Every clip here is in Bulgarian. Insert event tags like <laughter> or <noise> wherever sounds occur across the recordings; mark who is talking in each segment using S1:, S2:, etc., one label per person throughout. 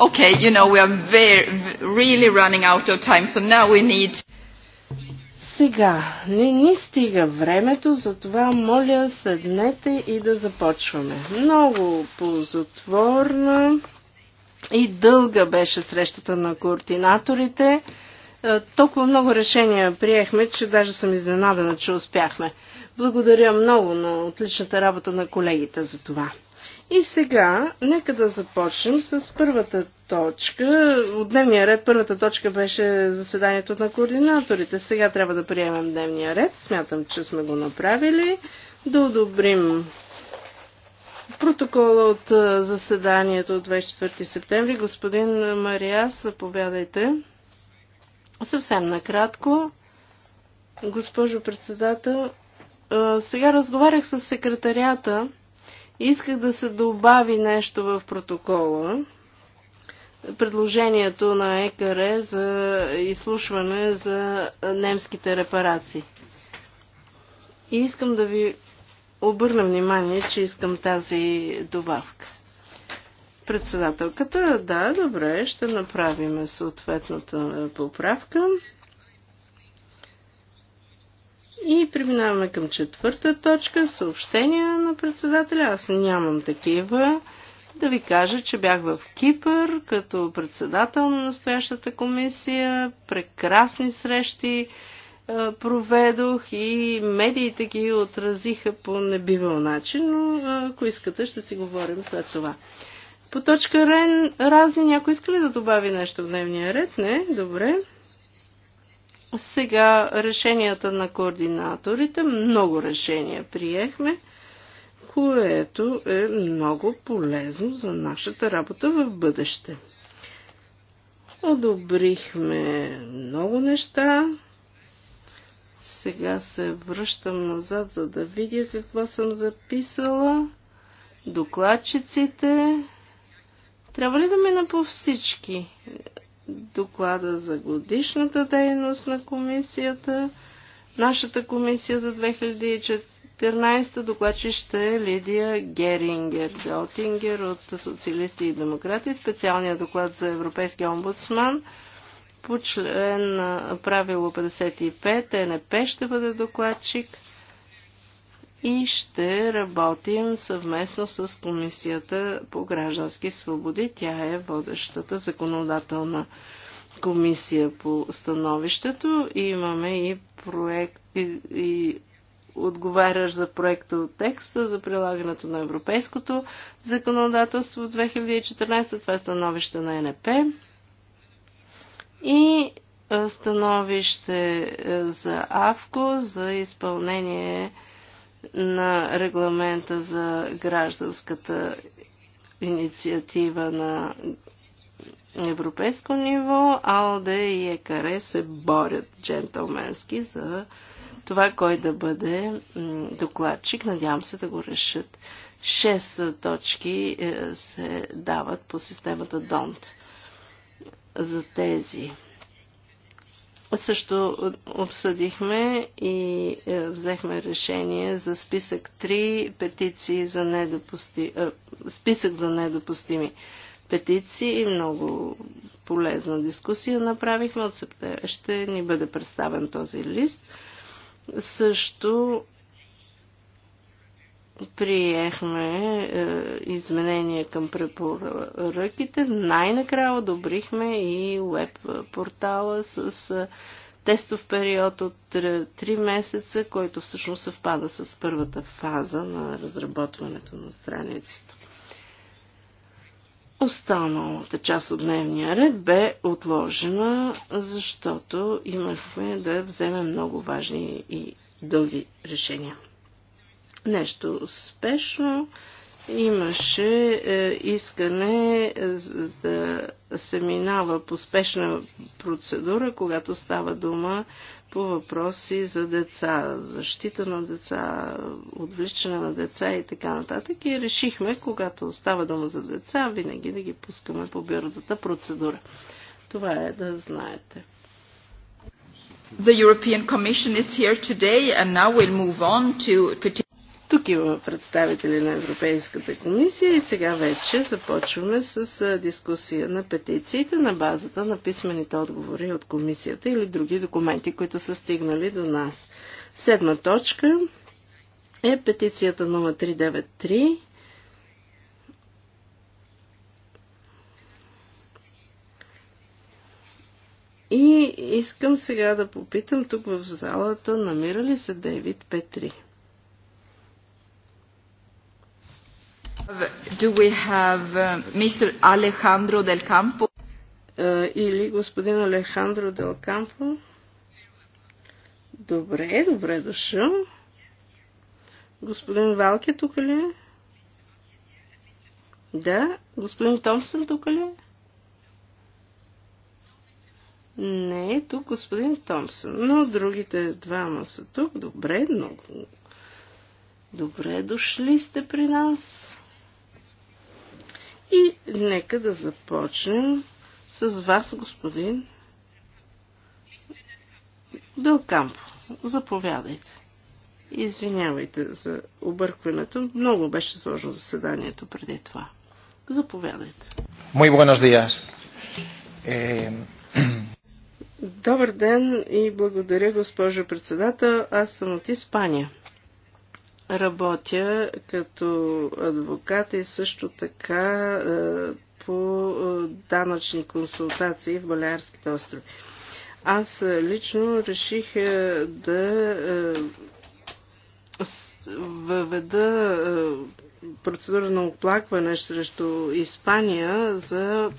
S1: Okay, you know, we are very, really running out of time, so now we need... Сега не ни стига времето, затова моля седнете и да започваме. Много ползотворна и дълга беше срещата на координаторите. Е, толкова много решения приехме, че даже съм изненадана, че успяхме. Благодаря много на отличната работа на колегите за това. И сега, нека да започнем с първата точка. От дневния ред първата точка беше заседанието на координаторите. Сега трябва да приемем дневния ред. Смятам, че сме го направили. Да одобрим протокола от заседанието от 24 септември. Господин Мария, заповядайте. Съвсем накратко. Госпожо председател, сега разговарях с секретарията Исках да се добави нещо в протокола. Предложението на ЕКАРЕ за изслушване за немските репарации. И искам да ви обърна внимание, че искам тази добавка. Председателката, да, добре, ще направим съответната поправка. И преминаваме към четвърта точка съобщения на председателя. Аз нямам такива. Да ви кажа, че бях в Кипър като председател на настоящата комисия. Прекрасни срещи е, проведох и медиите ги отразиха по небивал начин, но е, ако искате, ще си говорим след това. По точка Рен, разни, някой иска ли да добави нещо в дневния ред? Не? Добре. Сега решенията на координаторите, много решения приехме, което е много полезно за нашата работа в бъдеще. Одобрихме много неща. Сега се връщам назад, за да видя какво съм записала. Докладчиците. Трябва ли да мина по всички? доклада за годишната дейност на комисията, нашата комисия за 2014 докладчи ще е Лидия Герингер, Делтингер от Социалисти и Демократи, специалния доклад за Европейския омбудсман по член правило 55, ТНП е ще бъде докладчик – и ще работим съвместно с Комисията по граждански свободи. Тя е водещата законодателна комисия по становището. И имаме и проект и, и отговаряш за проекта от текста за прилагането на европейското законодателство от 2014. Това е становище на НП. И становище за АВКО за изпълнение на регламента за гражданската инициатива на европейско ниво, АЛДЕ и ЕКАРЕ се борят джентълменски за това кой да бъде докладчик. Надявам се да го решат. Шест точки е, се дават по системата ДОНТ за тези също обсъдихме и е, взехме решение за списък 3 петиции за недопустими е, списък за недопустими петиции и много полезна дискусия направихме. От септември ще ни бъде представен този лист. Също приехме е, изменения към препоръките. Най-накрая одобрихме и веб портала с е, тестов период от 3, месеца, който всъщност съвпада с първата фаза на разработването на страницата. Останалата част от дневния ред бе отложена, защото имахме да вземем много важни и дълги решения нещо спешно. Имаше е, искане е, да се минава по спешна процедура, когато става дума по въпроси за деца, защита на деца, отвличане на деца и така нататък. И решихме, когато става дума за деца, винаги да ги пускаме по бързата процедура. Това е да знаете. The European Commission is here today and now we'll move on to тук има представители на Европейската комисия и сега вече започваме с дискусия на петициите на базата на писмените отговори от комисията или други документи, които са стигнали до нас. Седма точка е петицията 0393 И искам сега да попитам тук в залата, намира ли се Дейвид Петри? Do we have uh, Mr. Alejandro del Campo? Uh, или господин Алехандро Дел Кампо. Добре, добре дошъл. Господин Валке тук ли е? Да. Господин Томсън тук ли е? Не, тук господин Томсън, но другите двама са тук. Добре, много. Добре дошли сте при нас. И нека да започнем с вас, господин Белкампо. Заповядайте. Извинявайте за объркването. Много беше сложно заседанието преди това. Заповядайте.
S2: Мой buenos días. Eh... <clears throat>
S1: Добър ден и благодаря, госпожо председател. Аз съм от Испания. Работя като адвокат и също така е, по е, данъчни консултации в Балярските острови. Аз е, лично реших да въведа процедура на оплакване срещу Испания за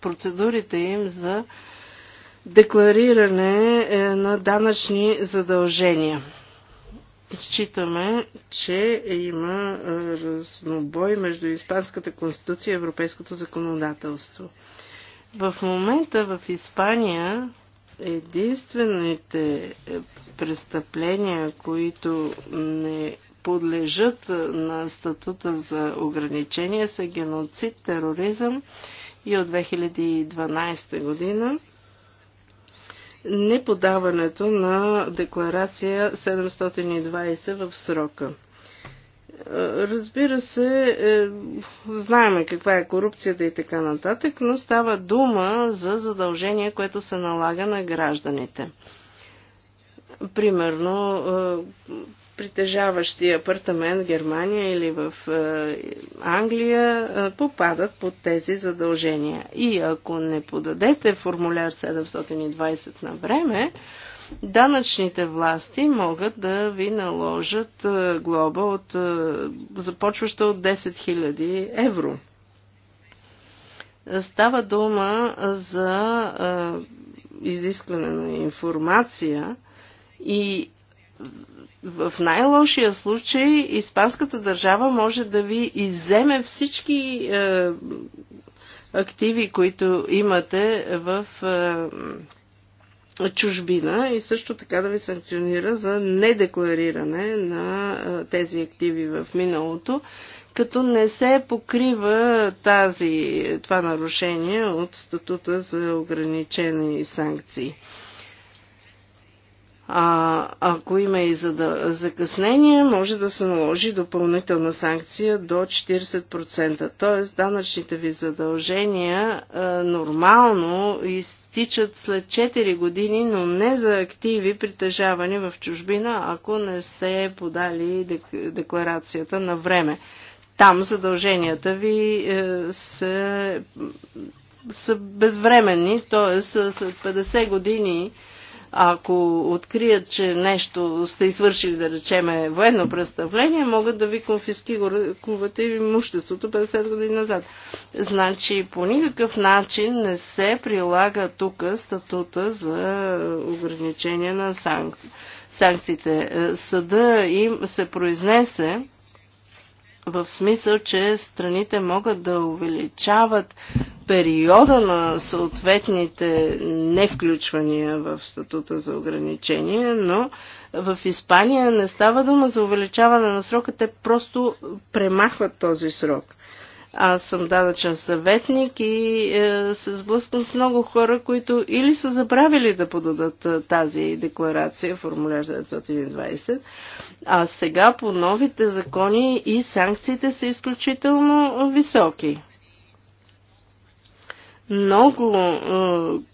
S1: процедурите им за деклариране на данъчни задължения. Считаме, че има разнобой между Испанската конституция и Европейското законодателство. В момента в Испания единствените е, престъпления, които не подлежат на статута за ограничение са геноцид, тероризъм и от 2012 година неподаването на декларация 720 в срока. Е, разбира се, е, знаеме каква е корупцията и така нататък, но става дума за задължение, което се налага на гражданите. Примерно, е, притежаващи апартамент в Германия или в е, Англия е, попадат под тези задължения. И ако не подадете формуляр 720 на време, данъчните власти могат да ви наложат е, глоба от, започваща от 10 000 евро. Става дума за изискване на информация и в най-лошия случай испанската държава може да ви изземе всички е, активи, които имате в е, чужбина и също така да ви санкционира за недеклариране на е, тези активи в миналото, като не се покрива тази, това нарушение от статута за ограничени санкции. А, ако има и зада, закъснение, може да се наложи допълнителна санкция до 40%. Т.е. данъчните ви задължения а, нормално изтичат след 4 години, но не за активи, притежавани в чужбина, ако не сте подали декларацията на време. Там задълженията ви е, са, са безвременни, т.е. след 50 години ако открият, че нещо сте извършили, да речеме, военно представление, могат да ви и имуществото 50 години назад. Значи по никакъв начин не се прилага тук статута за ограничение на санкции санкциите. Е, съда им се произнесе в смисъл, че страните могат да увеличават периода на съответните невключвания в статута за ограничение, но в Испания не става дума за увеличаване на срока, те просто премахват този срок. Аз съм данъчен съветник и е, се сблъсквам с много хора, които или са забравили да подадат е, тази декларация, формуляр 920, а сега по новите закони и санкциите са изключително е, високи. Много е,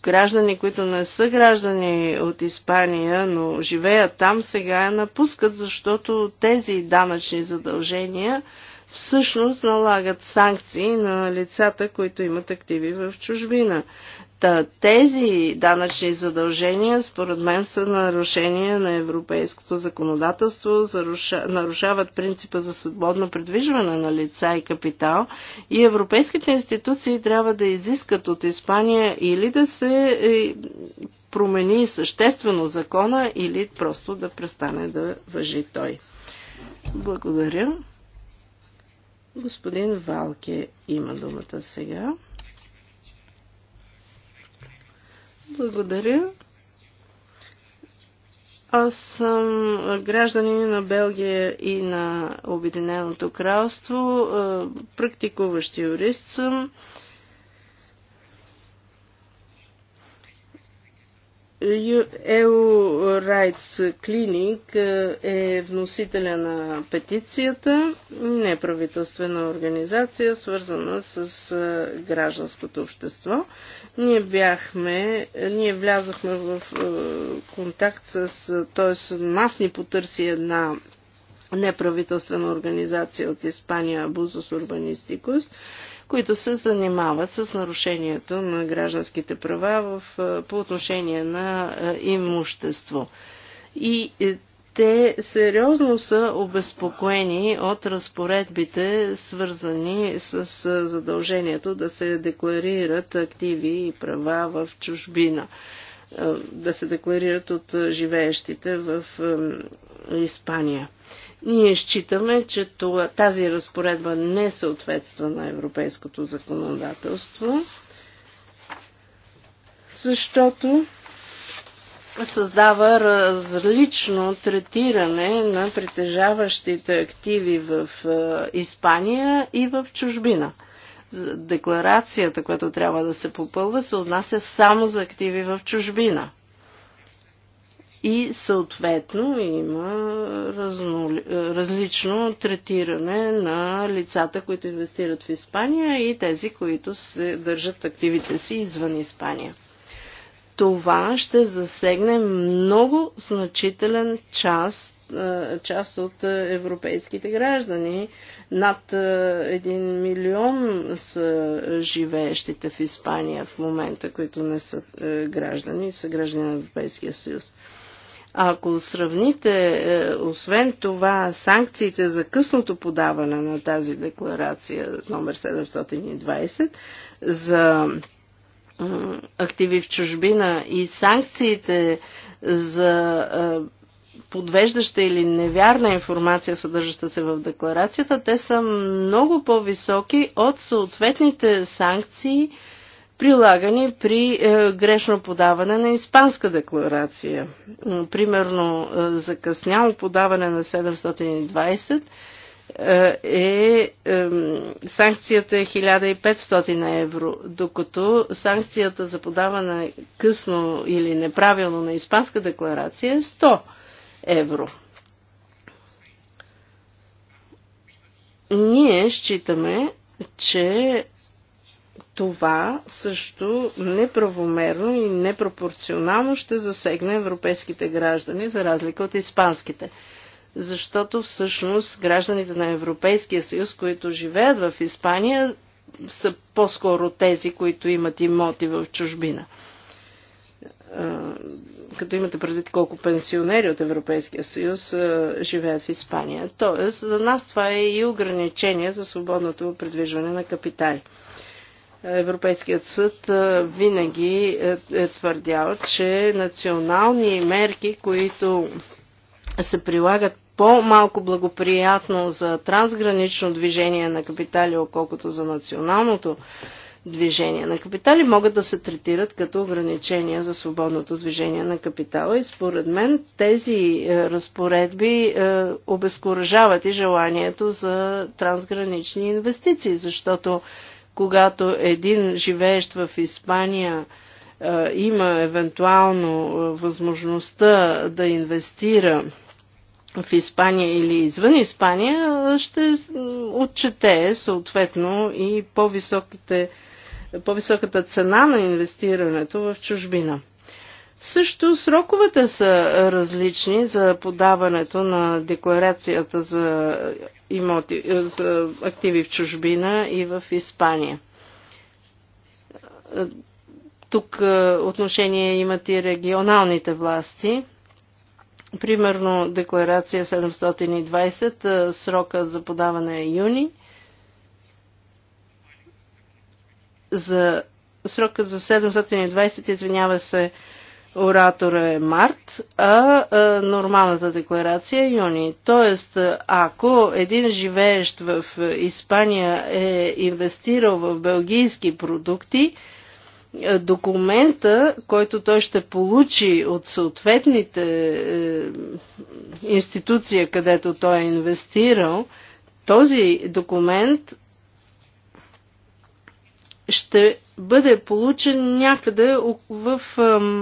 S1: граждани, които не са граждани от Испания, но живеят там, сега я напускат, защото тези данъчни задължения – всъщност налагат санкции на лицата, които имат активи в чужбина. Та, тези данъчни задължения, според мен, са нарушение на европейското законодателство, нарушават принципа за свободно предвижване на лица и капитал и европейските институции трябва да изискат от Испания или да се е, промени съществено закона или просто да престане да въжи той. Благодаря. Господин Валке има думата сега. Благодаря. Аз съм гражданин на Белгия и на Обединеното кралство, е, практикуващ юрист съм. EuRights Clinic е, е вносителя на петицията, неправителствена организация, свързана с е, гражданското общество. Ние бяхме, ние влязохме в е, контакт с, т.е. нас ни потърси една неправителствена организация от Испания Бузос Урбанистикус, които се занимават с нарушението на гражданските права в, по отношение на имущество. И е, те сериозно са обезпокоени от разпоредбите, свързани с задължението да се декларират активи и права в чужбина, да се декларират от живеещите в Испания. Ние считаме, че тази разпоредба не съответства на европейското законодателство, защото създава различно третиране на притежаващите активи в Испания и в чужбина. Декларацията, която трябва да се попълва, се отнася само за активи в чужбина и съответно има разно, различно третиране на лицата, които инвестират в Испания и тези, които се държат активите си извън Испания. Това ще засегне много значителен част, част от европейските граждани. Над 1 милион са живеещите в Испания в момента, които не са граждани, са граждани на Европейския съюз. Ако сравните, е, освен това, санкциите за късното подаване на тази декларация номер 720 за активи в чужбина и санкциите за е, подвеждаща или невярна информация, съдържаща се в декларацията, те са много по-високи от съответните санкции прилагани при е, грешно подаване на испанска декларация. Примерно е, закъсняло подаване на 720 е, е, е санкцията е 1500 евро, докато санкцията за подаване късно или неправилно на испанска декларация е 100 евро. Ние считаме, че това също неправомерно и непропорционално ще засегне европейските граждани, за разлика от испанските. Защото всъщност гражданите на Европейския съюз, които живеят в Испания, са по-скоро тези, които имат имоти в чужбина. Като имате предвид колко пенсионери от Европейския съюз живеят в Испания. Тоест, за нас това е и ограничение за свободното придвижване на капитали. Европейският съд винаги е, е твърдял, че национални мерки, които се прилагат по-малко благоприятно за трансгранично движение на капитали, околкото за националното движение на капитали, могат да се третират като ограничения за свободното движение на капитала. И според мен тези е, разпоредби е, обезкуражават и желанието за трансгранични инвестиции, защото когато един живеещ в Испания е, има евентуално е, възможността да инвестира в Испания или извън Испания, ще отчете съответно и по по-високата цена на инвестирането в чужбина. Също сроковете са различни за подаването на декларацията за имоти, е, активи в чужбина и в Испания. Е, тук е, отношение имат и регионалните власти. Примерно декларация 720, срока за подаване е юни. За срока за 720, извинява се, оратора е март, а, а нормалната декларация е юни. Тоест, ако един живеещ в Испания е инвестирал в белгийски продукти, е, документа, който той ще получи от съответните е, институция, където той е инвестирал, този документ ще бъде получен някъде в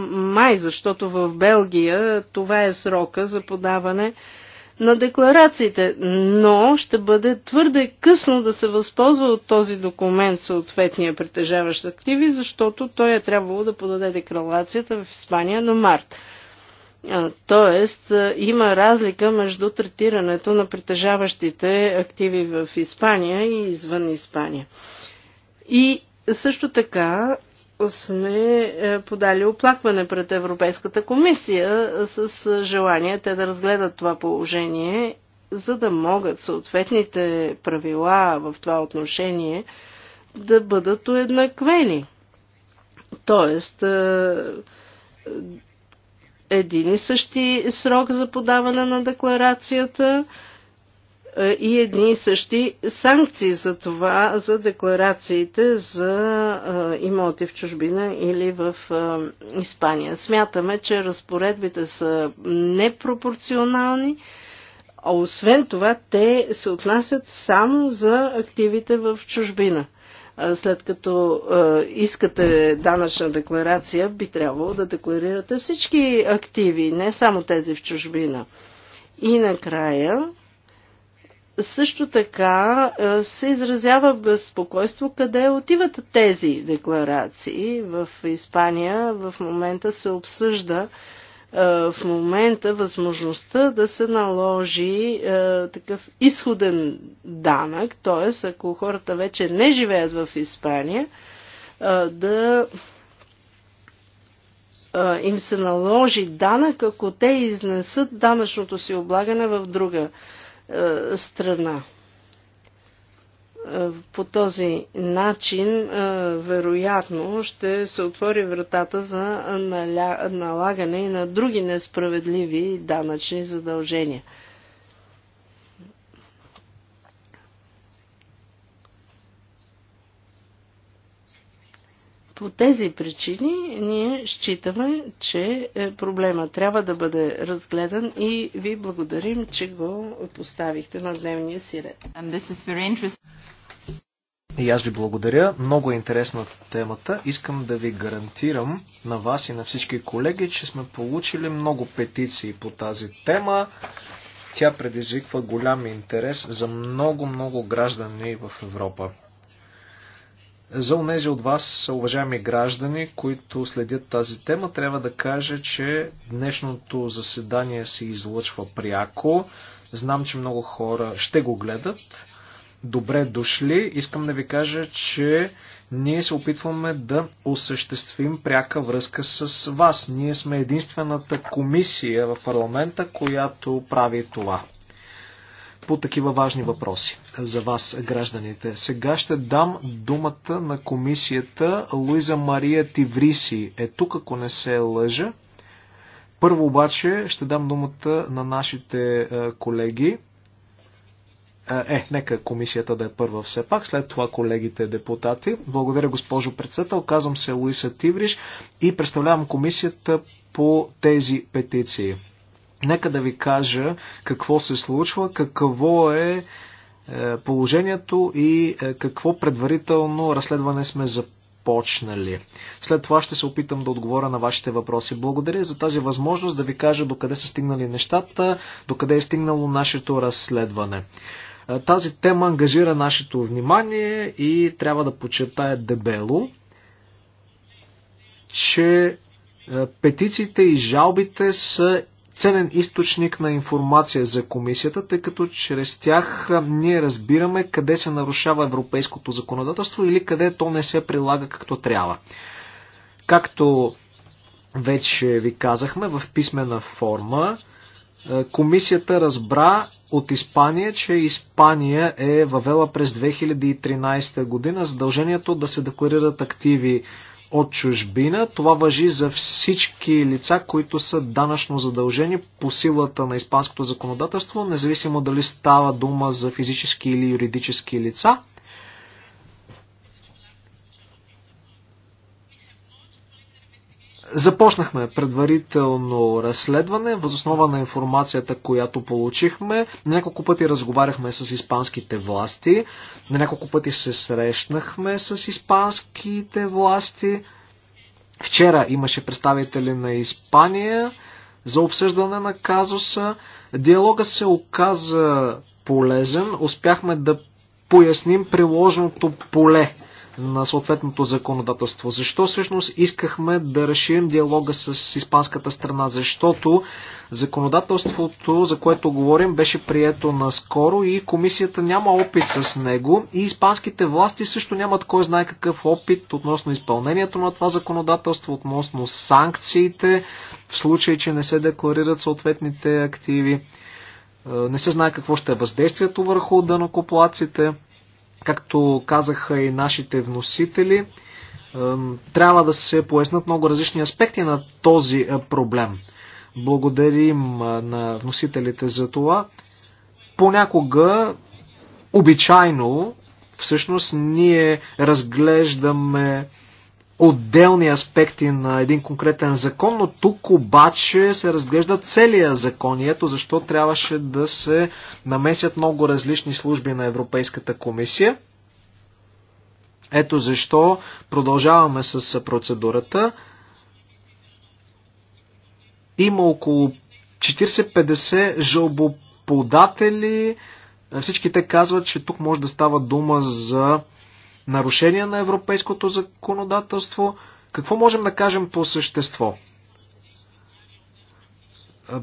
S1: май, защото в Белгия това е срока за подаване на декларациите, но ще бъде твърде късно да се възползва от този документ съответния притежаващ активи, защото той е трябвало да подаде декларацията в Испания на март. Тоест, има разлика между третирането на притежаващите активи в Испания и извън Испания. И също така сме е, подали оплакване пред Европейската комисия е, с е, желание те да разгледат това положение, за да могат съответните правила в това отношение да бъдат уеднаквени. Тоест, един и същи срок за подаване на декларацията – е, и едни и същи санкции за това, за декларациите за е, имоти в чужбина или в е, Испания. Смятаме, че разпоредбите са непропорционални, а освен това те се отнасят само за активите в чужбина. След като искате данъчна декларация, би трябвало да декларирате всички активи, не само тези в чужбина. И накрая, също така е, се изразява безпокойство къде отиват тези декларации. В Испания в момента се обсъжда е, в момента възможността да се наложи е, такъв изходен данък, т.е. ако хората вече не живеят в Испания, да им се наложи данък, ако те изнесат данъчното си облагане в друга е, страна. Е, по този начин, е, вероятно, ще се отвори вратата за налагане на други несправедливи данъчни задължения – По тези причини ние считаме, че е, проблема трябва да бъде разгледан и ви благодарим, че го поставихте на дневния си ред.
S2: И аз ви благодаря. Много е интересна темата. Искам да ви гарантирам на вас и на всички колеги, че сме получили много петиции по тази тема. Тя предизвиква голям интерес за много-много граждани в Европа. За унези от вас, уважаеми граждани, които следят тази тема, трябва да кажа, че днешното заседание се излъчва пряко. Знам, че много хора ще го гледат. Добре дошли. Искам да ви кажа, че ние се опитваме да осъществим пряка връзка с вас. Ние сме единствената комисия в парламента, която прави това по такива важни въпроси за вас, гражданите. Сега ще дам думата на комисията. Луиза Мария Тивриси е тук, ако не се лъжа. Първо обаче ще дам думата на нашите е, колеги. Е, е, нека комисията да е първа все пак, след това колегите депутати. Благодаря, госпожо председател. Казвам се Луиса Тивриш и представлявам комисията по тези петиции. Нека да ви кажа какво се случва, какво е е, положението и е, какво предварително разследване сме започнали. След това ще се опитам да отговоря на вашите въпроси. Благодаря за тази възможност да ви кажа докъде са стигнали нещата, докъде е стигнало нашето разследване. Е, тази тема ангажира нашето внимание и трябва да почертая дебело, че петициите и жалбите са ценен източник на информация за комисията, тъй като чрез тях ние разбираме къде се нарушава европейското законодателство или къде то не се прилага както трябва. Както вече ви казахме в писмена форма, комисията разбра от Испания, че Испания е въвела през 2013 година задължението да се декларират активи от чужбина. Това въжи за всички лица, които са данъчно задължени по силата на испанското законодателство, независимо дали става дума за физически или юридически лица – Започнахме предварително разследване, възоснова на информацията, която получихме. На няколко пъти разговаряхме с испанските власти, на няколко пъти се срещнахме с испанските власти. Вчера имаше представители на Испания за обсъждане на казуса. Диалога се оказа полезен. Успяхме да поясним приложното поле на съответното законодателство. Защо всъщност искахме да разширим диалога с испанската страна? Защото законодателството, за което говорим, беше прието наскоро и комисията няма опит с него и испанските власти също нямат кой знае какъв опит относно изпълнението на това законодателство, относно санкциите, в случай, че не се декларират съответните активи. Е, не се знае какво ще е въздействието върху данокоплаците. Както казаха и нашите вносители, трябва да се пояснат много различни аспекти на този е, проблем. Благодарим е, на вносителите за това. Понякога, обичайно, всъщност ние разглеждаме отделни аспекти на един конкретен закон, но тук обаче се разглежда целия закон и ето защо трябваше да се намесят много различни служби на Европейската комисия. Ето защо продължаваме с процедурата. Има около 40-50 жълбоподатели. Всички те казват, че тук може да става дума за нарушения на европейското законодателство. Какво можем да кажем по същество?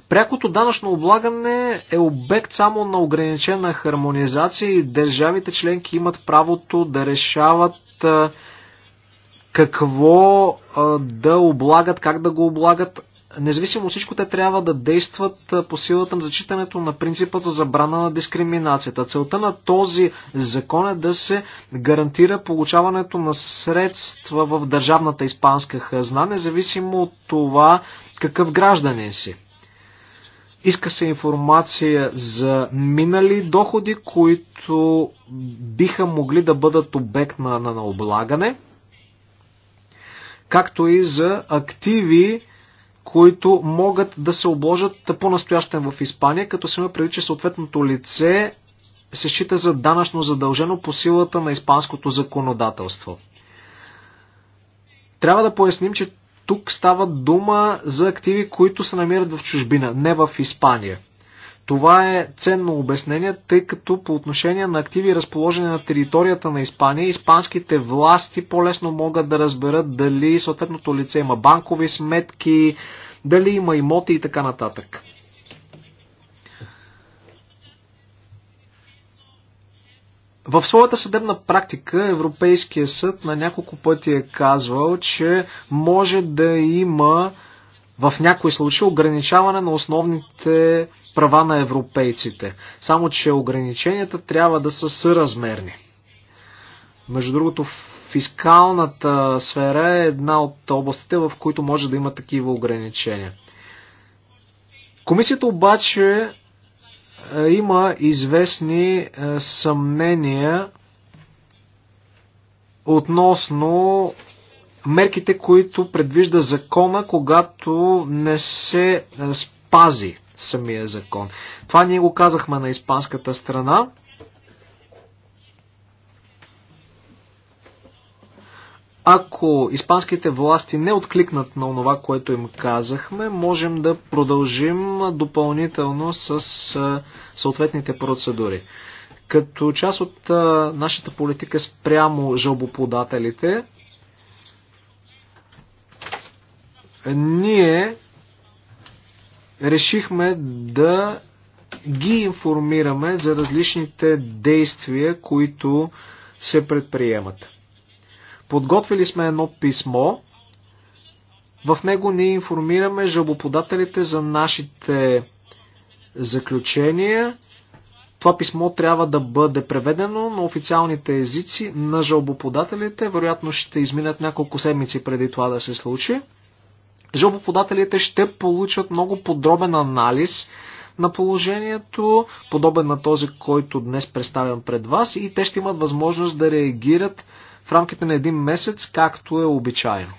S2: Прякото данъчно облагане е обект само на ограничена хармонизация и държавите членки имат правото да решават какво да облагат, как да го облагат. Независимо от всичко, те трябва да действат по силата на зачитането на принципа за забрана на дискриминацията. Целта на този закон е да се гарантира получаването на средства в държавната испанска хазна, независимо от това какъв гражданин си. Иска се информация за минали доходи, които биха могли да бъдат обект на, на, на облагане, както и за активи, които могат да се обложат по-настоящен в Испания, като се има преди, че съответното лице се счита за данъчно задължено по силата на испанското законодателство. Трябва да поясним, че тук става дума за активи, които се намират в чужбина, не в Испания. Това е ценно обяснение, тъй като по отношение на активи разположени на територията на Испания, испанските власти по-лесно могат да разберат дали съответното лице има банкови сметки, дали има имоти и така нататък. В своята съдебна практика Европейския съд на няколко пъти е казвал, че може да има в някои случаи ограничаване на основните права на европейците. Само, че ограниченията трябва да са съразмерни. Между другото, фискалната сфера е една от областите, в които може да има такива ограничения. Комисията обаче е, има известни е, съмнения относно мерките, които предвижда закона, когато не се е, спази самия закон. Това ние го казахме на испанската страна. Ако испанските власти не откликнат на това, което им казахме, можем да продължим допълнително с съответните процедури. Като част от нашата политика спрямо жалбоподателите, ние решихме да ги информираме за различните действия, които се предприемат. Подготвили сме едно писмо. В него ние информираме жалбоподателите за нашите заключения. Това писмо трябва да бъде преведено на официалните езици на жалбоподателите. Вероятно ще изминат няколко седмици преди това да се случи жалбоподателите ще получат много подробен анализ на положението, подобен на този, който днес представям пред вас и те ще имат възможност да реагират в рамките на един месец, както е обичайно.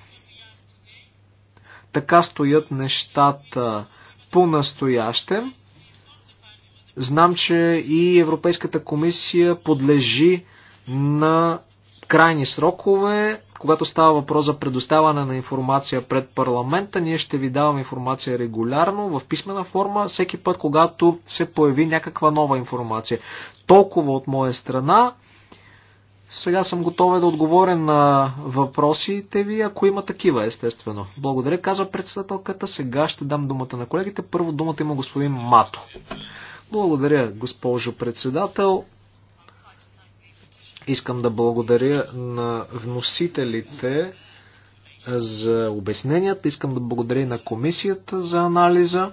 S2: Така стоят нещата по-настояще. Знам, че и Европейската комисия подлежи на крайни срокове, когато става въпрос за предоставяне на информация пред парламента, ние ще ви даваме информация регулярно, в писмена форма, всеки път, когато се появи някаква нова информация. Толкова от моя страна. Сега съм готова да отговоря на въпросите ви, ако има такива, естествено. Благодаря, казва председателката. Сега ще дам думата на колегите. Първо думата има господин Мато. Благодаря, госпожо председател. Искам да благодаря на вносителите за обясненията. Искам да благодаря на комисията за анализа.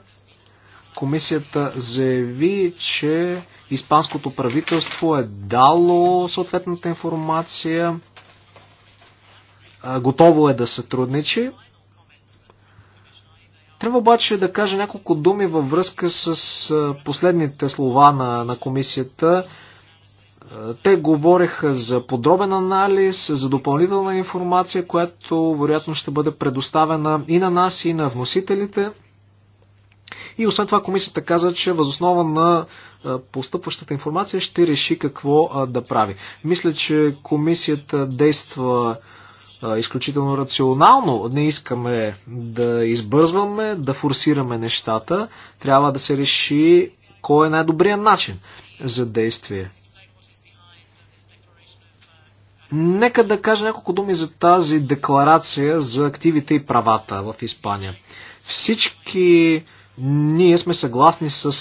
S2: Комисията заяви, че испанското правителство е дало съответната информация. Готово е да сътрудничи. Трябва обаче да кажа няколко думи във връзка с последните слова на, на комисията. Те говореха за подробен анализ, за допълнителна информация, която вероятно ще бъде предоставена и на нас, и на вносителите. И освен това комисията каза, че възоснова на постъпващата информация ще реши какво да прави. Мисля, че комисията действа изключително рационално. Не искаме да избързваме, да форсираме нещата. Трябва да се реши кой е най-добрият начин за действие. Нека да кажа няколко думи за тази декларация за активите и правата в Испания. Всички ние сме съгласни с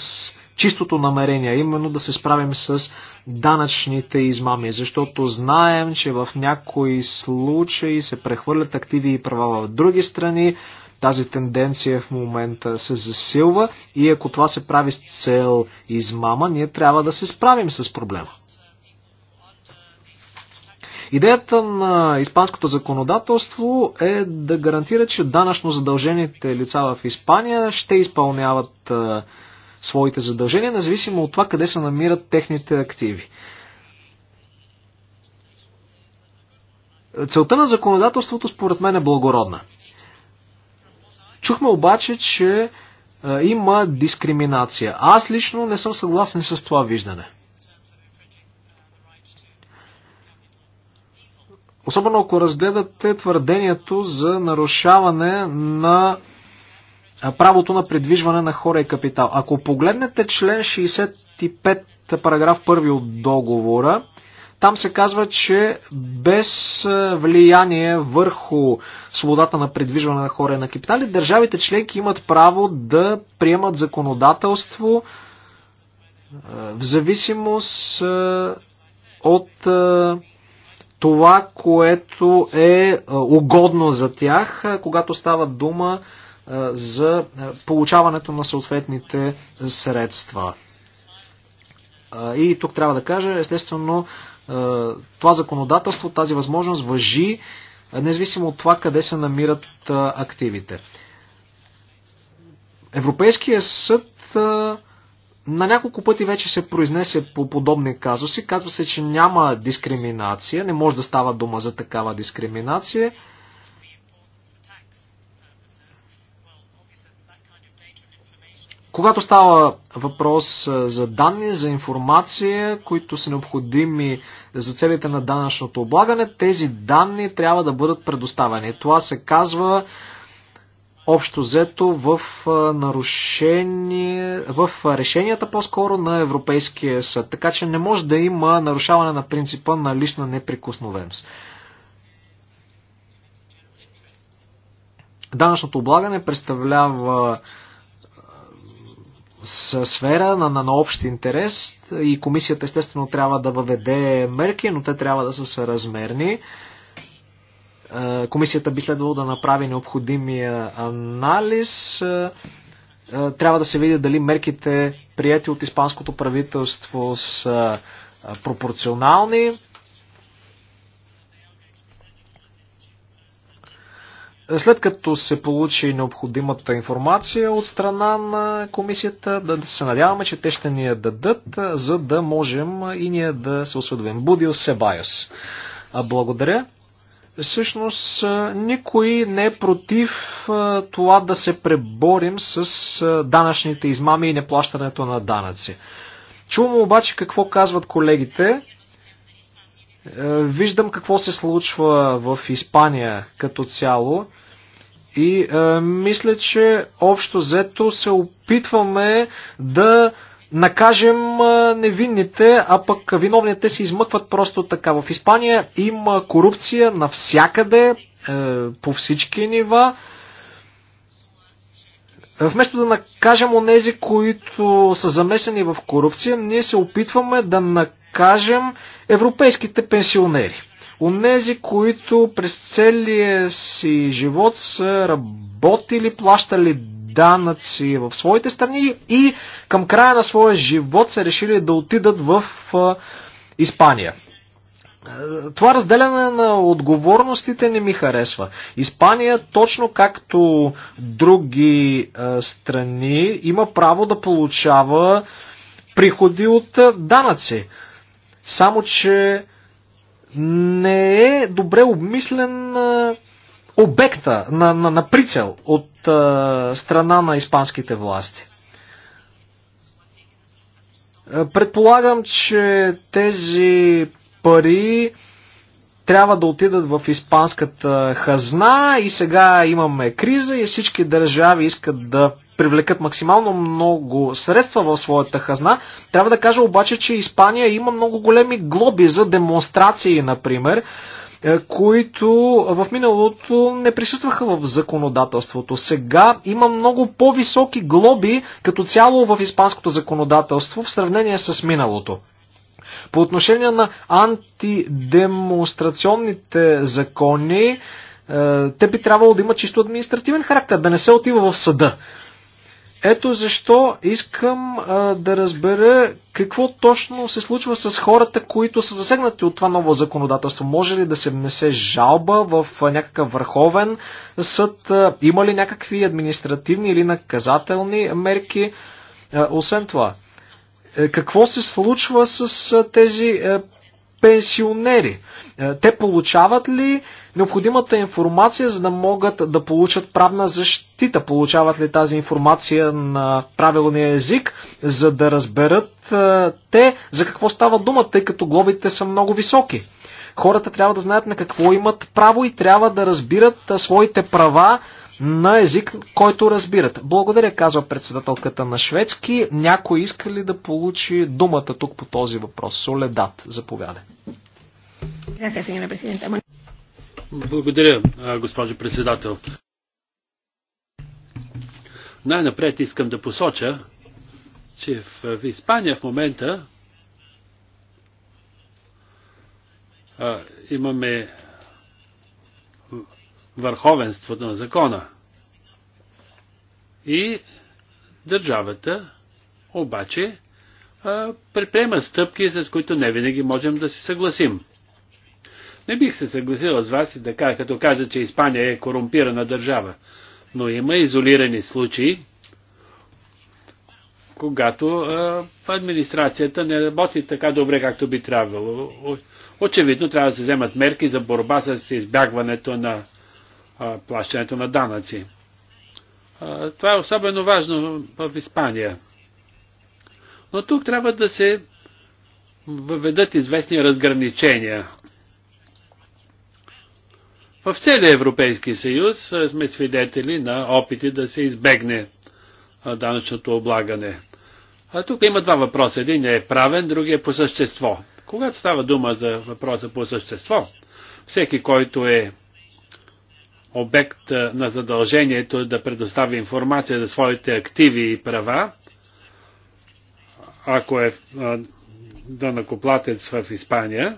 S2: чистото намерение, именно да се справим с данъчните измами, защото знаем, че в някои случаи се прехвърлят активи и права в други страни, тази тенденция в момента се засилва и ако това се прави с цел измама, ние трябва да се справим с проблема. Идеята на испанското законодателство е да гарантира, че данъчно задължените лица в Испания ще изпълняват а, е, своите задължения, независимо от това къде се намират техните активи. Целта на законодателството според мен е благородна. Чухме обаче, че а, е, има дискриминация. Аз лично не съм съгласен с това виждане. Особено ако разгледате твърдението за нарушаване на правото на придвижване на хора и капитал. Ако погледнете член 65, параграф 1 от договора, там се казва, че без е, влияние върху свободата на придвижване на хора и на капитали, държавите членки имат право да приемат законодателство е, в зависимост е, от това, което е, е угодно за тях, е, когато става дума е, за получаването на съответните средства. И тук трябва да кажа, естествено, това законодателство, тази възможност въжи, независимо от това къде се намират активите. Европейския съд на няколко пъти вече се произнесе по подобни казуси. Казва се, че няма дискриминация, не може да става дума за такава дискриминация. Когато става въпрос за данни, за информация, които са необходими за целите на данъчното облагане, тези данни трябва да бъдат предоставени. Това се казва общо взето в, нарушение, в решенията по-скоро на Европейския съд. Така че не може да има нарушаване на принципа на лична неприкосновеност. Данъчното облагане представлява сфера на, на, на общ интерес и комисията естествено трябва да въведе мерки, но те трябва да са съразмерни. Е, комисията би следвало да направи необходимия анализ. Е, е, трябва да се види дали мерките, прияти от испанското правителство, са пропорционални. След като се получи необходимата информация от страна на комисията, да се надяваме, че те ще ни я дадат, за да можем и ние да се осведомим. Будил Себайос. Благодаря всъщност никой не е против това да се преборим с данъчните измами и неплащането на данъци. Чувам обаче какво казват колегите. Е, виждам какво се случва в Испания като цяло. И е, мисля, че общо взето се опитваме да накажем невинните, а пък виновните се измъкват просто така. В Испания има корупция навсякъде, е, по всички нива. Е, вместо да накажем онези, които са замесени в корупция, ние се опитваме да накажем европейските пенсионери. Онези, които през целия си живот са работили, плащали данъци в своите страни и към края на своя живот са решили да отидат в Испания. Това разделяне на отговорностите не ми харесва. Испания, точно както други страни, има право да получава приходи от данъци. Само, че не е добре обмислен обекта на, на, на прицел от а, страна на испанските власти. Предполагам, че тези пари трябва да отидат в испанската хазна и сега имаме криза и всички държави искат да привлекат максимално много средства в своята хазна. Трябва да кажа обаче, че Испания има много големи глоби за демонстрации, например. Е, които в миналото не присъстваха в законодателството. Сега има много по-високи глоби като цяло в испанското законодателство в сравнение с миналото. По отношение на антидемонстрационните закони, е, те би трябвало да имат чисто административен характер, да не се отива в съда. Ето защо искам а, да разбера какво точно се случва с хората, които са засегнати от това ново законодателство. Може ли да се внесе жалба в някакъв върховен съд? А, има ли някакви административни или наказателни мерки? А, освен това, а, е, какво се случва с а, тези а, е, пенсионери? А, е, те получават ли необходимата информация, за да могат да получат правна защита. Получават ли тази информация на правилния език, за да разберат те за какво става дума, тъй като глобите са много високи. Хората трябва да знаят на какво имат право и трябва да разбират своите права на език, който разбират. Благодаря, казва председателката на шведски. Някой иска ли да получи думата тук по този въпрос? Соледат, заповяда.
S3: Благодаря, госпожо председател. Най-напред искам да посоча, че в Испания в момента а, имаме върховенството на закона. И държавата обаче предприема стъпки, с които не винаги можем да се съгласим. Не бих се съгласила с вас и да кажа, като кажа, че Испания е корумпирана държава. Но има изолирани случаи, когато а, администрацията не работи така добре, както би трябвало. Очевидно трябва да се вземат мерки за борба с избягването на а, плащането на данъци. А, това е особено важно в Испания. Но тук трябва да се въведат известни разграничения в целия Европейски съюз сме свидетели на опити да се избегне данъчното облагане. А тук има два въпроса. Един е правен, другия е по същество. Когато става дума за въпроса по същество, всеки, който е обект на задължението да предостави информация за своите активи и права, ако е данъкоплатец в Испания,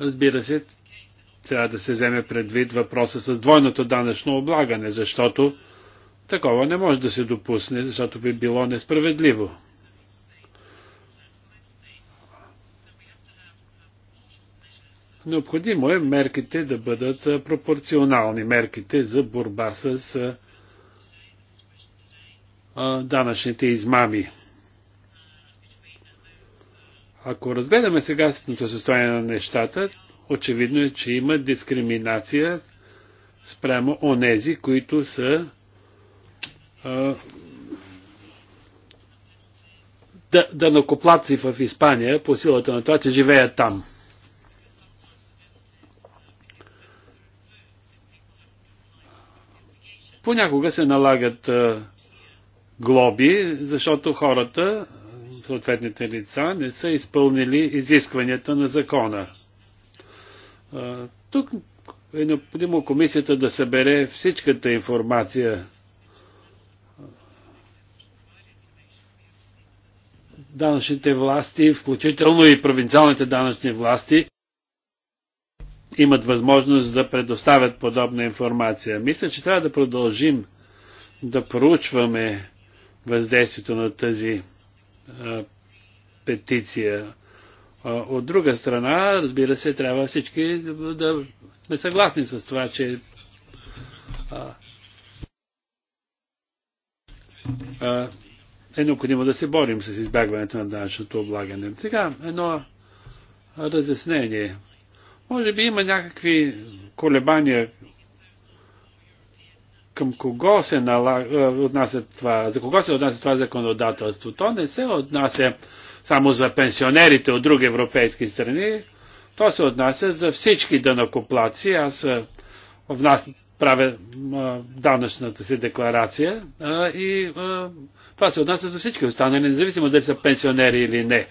S3: Разбира се, трябва да се вземе предвид въпроса с двойното данъчно облагане, защото такова не може да се допусне, защото би било несправедливо. Необходимо е мерките да бъдат пропорционални, мерките за борба с данъчните измами. Ако разгледаме сегашното състояние на нещата, очевидно е, че има дискриминация спрямо онези, които са а, да, да накоплаци в Испания по силата на това, че живеят там. Понякога се налагат а, глоби, защото хората съответните лица не са изпълнили изискванията на закона. Тук е необходимо комисията да събере всичката информация. Данъчните власти, включително и провинциалните данъчни власти, имат възможност да предоставят подобна информация. Мисля, че трябва да продължим да проучваме въздействието на тази петиция. От друга страна, разбира се, трябва всички да сме съгласни с това, че е необходимо да се борим с избягването на данъчното облагане. Сега, едно разяснение. Може би има някакви колебания към кого се е, отнася това, за кого се отнася това законодателство? То не се отнася само за пенсионерите от други европейски страни, то се отнася за всички дънакоплаци. Аз е, в нас правя е, данъчната си декларация а, и а, това се отнася за всички останали, независимо дали са пенсионери или не.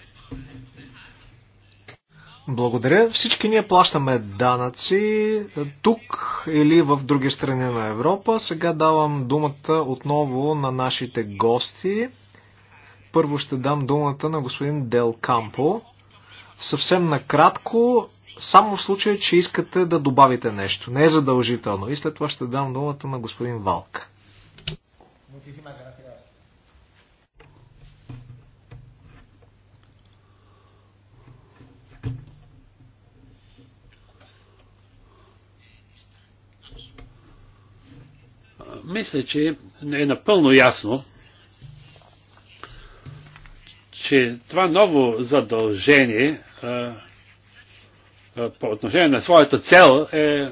S2: Благодаря. Всички ние плащаме данъци тук или в други страни на Европа. Сега давам думата отново на нашите гости. Първо ще дам думата на господин Дел Кампо. Съвсем накратко, само в случай, че искате да добавите нещо. Не е задължително. И след това ще дам думата на господин Валк. Muchísimas gracias.
S3: мисля, че е напълно ясно, че това ново задължение а, а, по отношение на своята цел е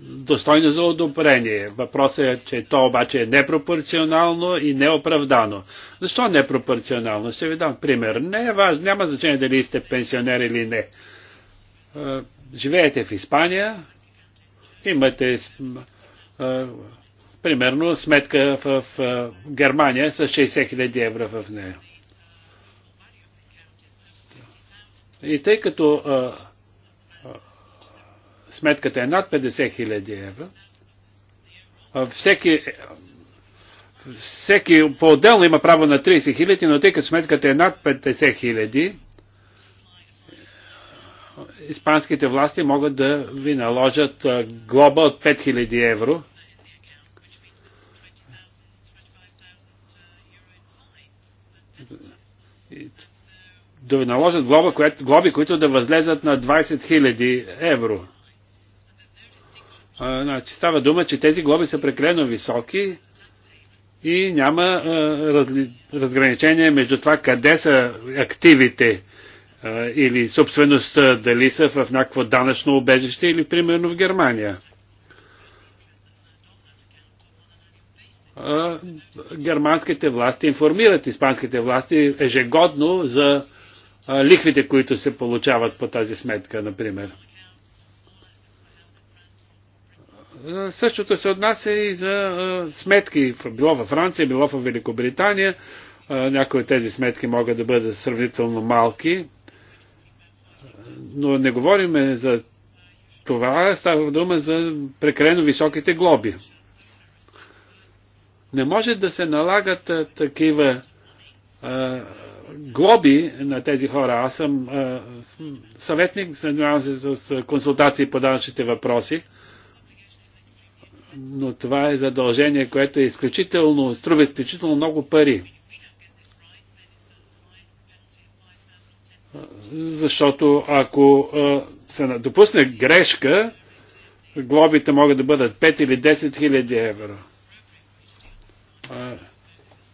S3: достойно за одобрение. Въпросът е, че то обаче е непропорционално и неоправдано. Защо непропорционално? Ще ви дам пример. Не е важно, няма значение дали сте пенсионер или не. А, живеете в Испания, имате примерно сметка в Германия с 60 000 евро в нея. И тъй като а, а, сметката е над 50 000 евро, а, всеки, всеки по-отделно има право на 30 000, но тъй като сметката е над 50 000, испанските власти могат да ви наложат глоба от 5 000 евро – да наложат глоба, която, глоби, които да възлезат на 20 000 евро. А, значи, става дума, че тези глоби са прекалено високи и няма а, разли, разграничение между това къде са активите а, или собствеността, дали са в някакво данъчно убежище или примерно в Германия. германските власти информират испанските власти ежегодно за лихвите, които се получават по тази сметка, например. Същото се отнася и за сметки, било във Франция, било в Великобритания. Някои от тези сметки могат да бъдат сравнително малки, но не говорим за това, става дума за прекалено високите глоби. Не може да се налагат такива глоби на тези хора. Аз съм а, съветник, занимавам се с консултации по данъчните въпроси, но това е задължение, което е изключително, струва изключително много пари. Защото ако а, се допусне грешка, глобите могат да бъдат 5 или 10 хиляди евро.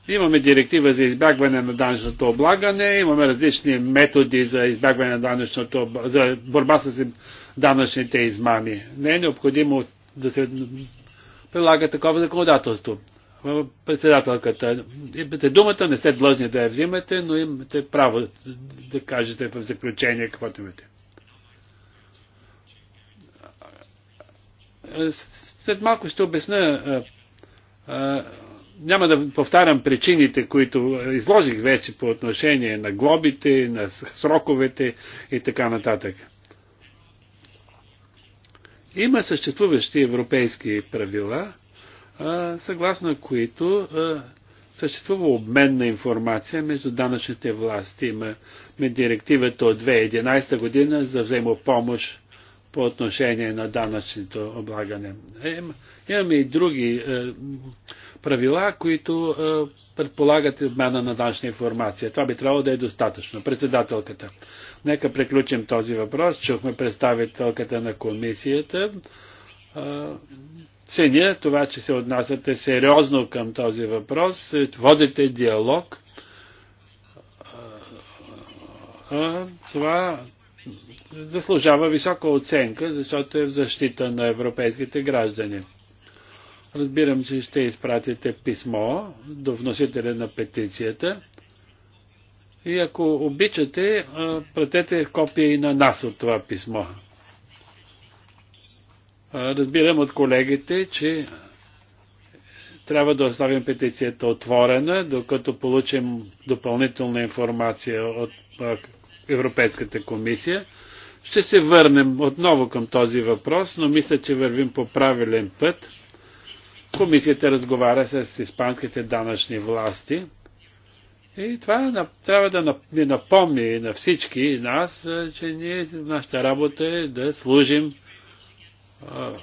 S3: Имаме директива за избягване на данъчното облагане, имаме различни методи за избягване на данъчното, за борба с данъчните измами. Не е необходимо да се прилага такова законодателство. Председателката, имате думата, не сте длъжни да я взимате, но имате право да кажете в заключение каквото имате. След малко ще обясня няма да повтарям причините, които е, изложих вече по отношение на глобите, на сроковете и така нататък. Има съществуващи европейски правила, съгласно които съществува обмен на информация между данъчните власти. Имаме директивата от 2011 година за взаимопомощ по отношение на данъчното облагане. Е, имаме и други е, правила, които предполагат обмяна на данъчна информация. Това би трябвало да е достатъчно. Председателката. Нека приключим този въпрос. Чухме представителката на комисията. Ценя това, че се отнасяте сериозно към този въпрос. Водите диалог. Това заслужава висока оценка, защото е в защита на европейските граждани. Разбирам, че ще изпратите писмо до вносителя на петицията. И ако обичате, пратете копия и на нас от това писмо. Разбирам от колегите, че трябва да оставим петицията отворена, докато получим допълнителна информация от Европейската комисия. Ще се върнем отново към този въпрос, но мисля, че вървим по правилен път. Комисията разговаря с испанските данъчни власти. И това е трябва да ни напомни на всички нас, че ние, нашата работа е да служим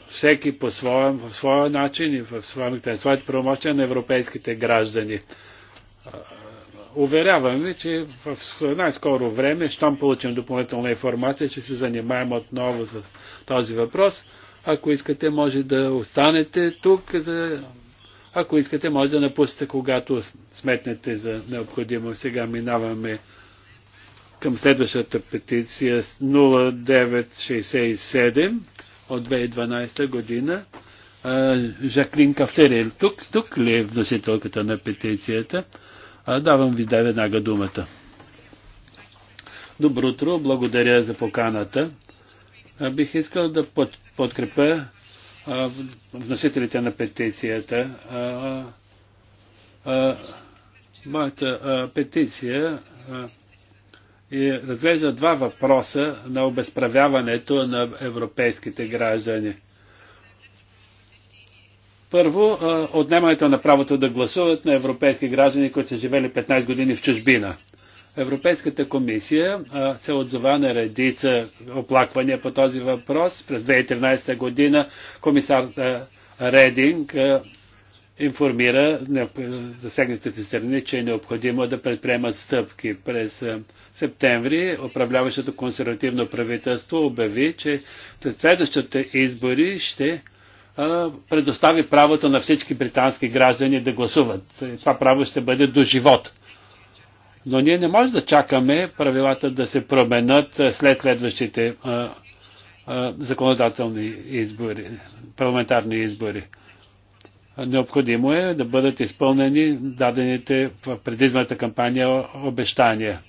S3: всеки по своя, по своя начин и в своите, своите правомощия на европейските граждани. Уверявам ви, че в най-скоро време, щом получим допълнителна информация, че се занимаем отново с този въпрос, ако искате, може да останете тук. За... Ако искате, може да напуснете, когато сметнете за необходимо. Сега минаваме към следващата петиция 0967 от 2012 година. Жаклин Кафтерел. Тук, тук ли е вносителката на петицията? А, давам ви да веднага думата. Добро утро, благодаря за поканата бих искал да под, подкрепя вносителите на петицията. А, а, моята а, петиция а, и е, разглежда два въпроса на обезправяването на европейските граждани. Първо, отнемането на правото да гласуват на европейски граждани, които са живели 15 години в чужбина. Европейската комисия а, се отзова на редица оплаквания по този въпрос. През 2013 година комисар а, Рединг а, информира засегнатите страни, че е необходимо да предприемат стъпки. През септември управляващото консервативно правителство обяви, че след следващите избори ще предостави правото на всички британски граждани да гласуват. Това право ще бъде до живот. Но ние не можем да чакаме правилата да се променят е, след следващите а, е, а, е, законодателни избори, парламентарни избори. Необходимо е да бъдат изпълнени дадените в предизборната кампания обещания.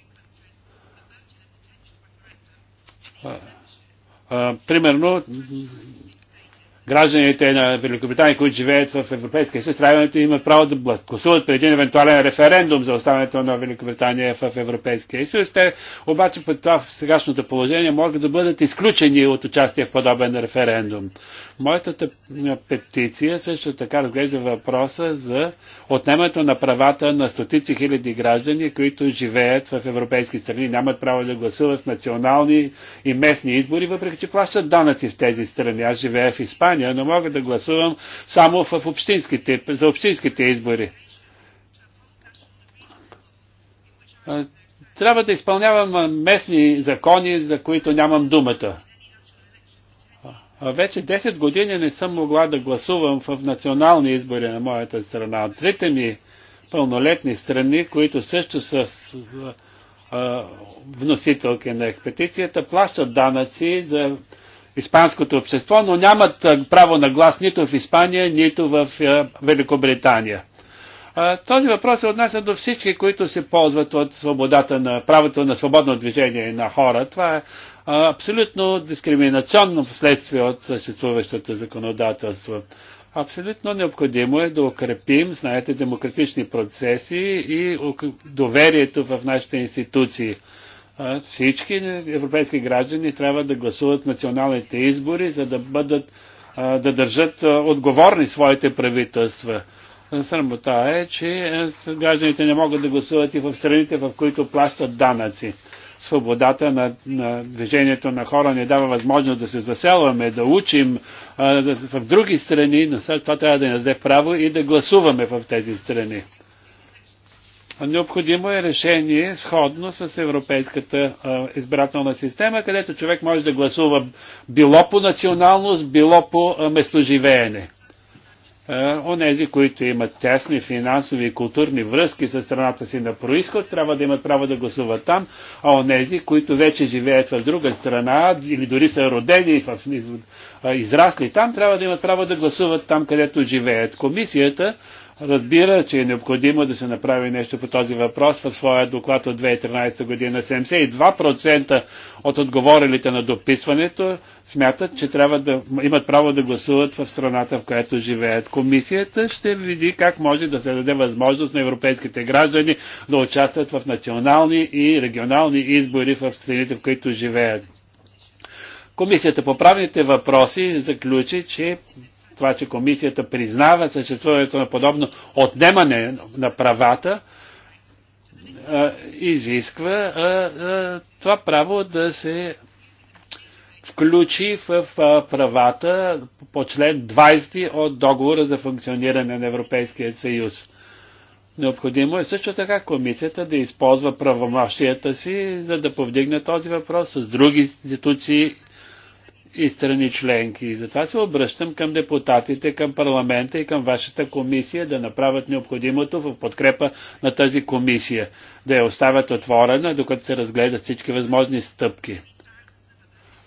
S3: А, примерно, гражданите на Великобритания, които живеят в Европейския съюз, трябва да имат право да гласуват преди евентуален референдум за оставането на Великобритания в Европейския съюз. Те обаче под това в сегашното положение могат да бъдат изключени от участие в подобен референдум. Моята петиция също така разглежда въпроса за отнемането на правата на стотици хиляди граждани, които живеят в европейски страни, нямат право да гласуват в национални и местни избори, въпреки че плащат данъци в тези страни. Аз живея в Испания Великобритания, но мога да гласувам само в общинските, за общинските избори. Трябва да изпълнявам местни закони, за които нямам думата. Вече 10 години не съм могла да гласувам в национални избори на моята страна. Трите ми пълнолетни страни, които също са вносителки на експедицията, плащат данъци за испанското общество, но нямат право на глас нито в Испания, нито в Великобритания. Този въпрос се отнася до всички, които се ползват от свободата на правото на свободно движение на хора. Това е абсолютно дискриминационно последствие от съществуващото законодателство. Абсолютно необходимо е да укрепим, знаете, демократични процеси и доверието в нашите институции всички европейски граждани трябва да гласуват националните избори, за да бъдат да държат отговорни своите правителства. Срамота е, че е, гражданите не могат да гласуват и в страните, в които плащат данъци. Свободата на, на движението на хора не дава възможност да се заселваме, да учим а, да, в други страни, но след това трябва да ни даде право и да гласуваме в тези страни. Необходимо е решение сходно с европейската избирателна система, където човек може да гласува било по националност, било по местоживеене. Онези, които имат тесни, финансови и културни връзки с страната си на происход, трябва да имат право да гласуват там, а онези, които вече живеят в друга страна или дори са родени в израсли там, трябва да имат право да гласуват там, където живеят. Комисията разбира, че е необходимо да се направи нещо по този въпрос. В своя доклад от 2013 година 72% от отговорилите на дописването смятат, че трябва да имат право да гласуват в страната, в която живеят. Комисията ще види как може да се даде възможност на европейските граждани да участват в национални и регионални избори в страните, в които живеят. Комисията по правните въпроси заключи, че това, че комисията признава съществуването на подобно отнемане на правата, изисква това право да се включи в правата по член 20 от договора за функциониране на Европейския съюз. Необходимо е също така комисията да използва правомощията си, за да повдигне този въпрос с други институции и страни членки. И затова се обръщам към депутатите, към парламента и към вашата комисия да направят необходимото в подкрепа на тази комисия. Да я оставят отворена, докато се разгледат всички възможни стъпки.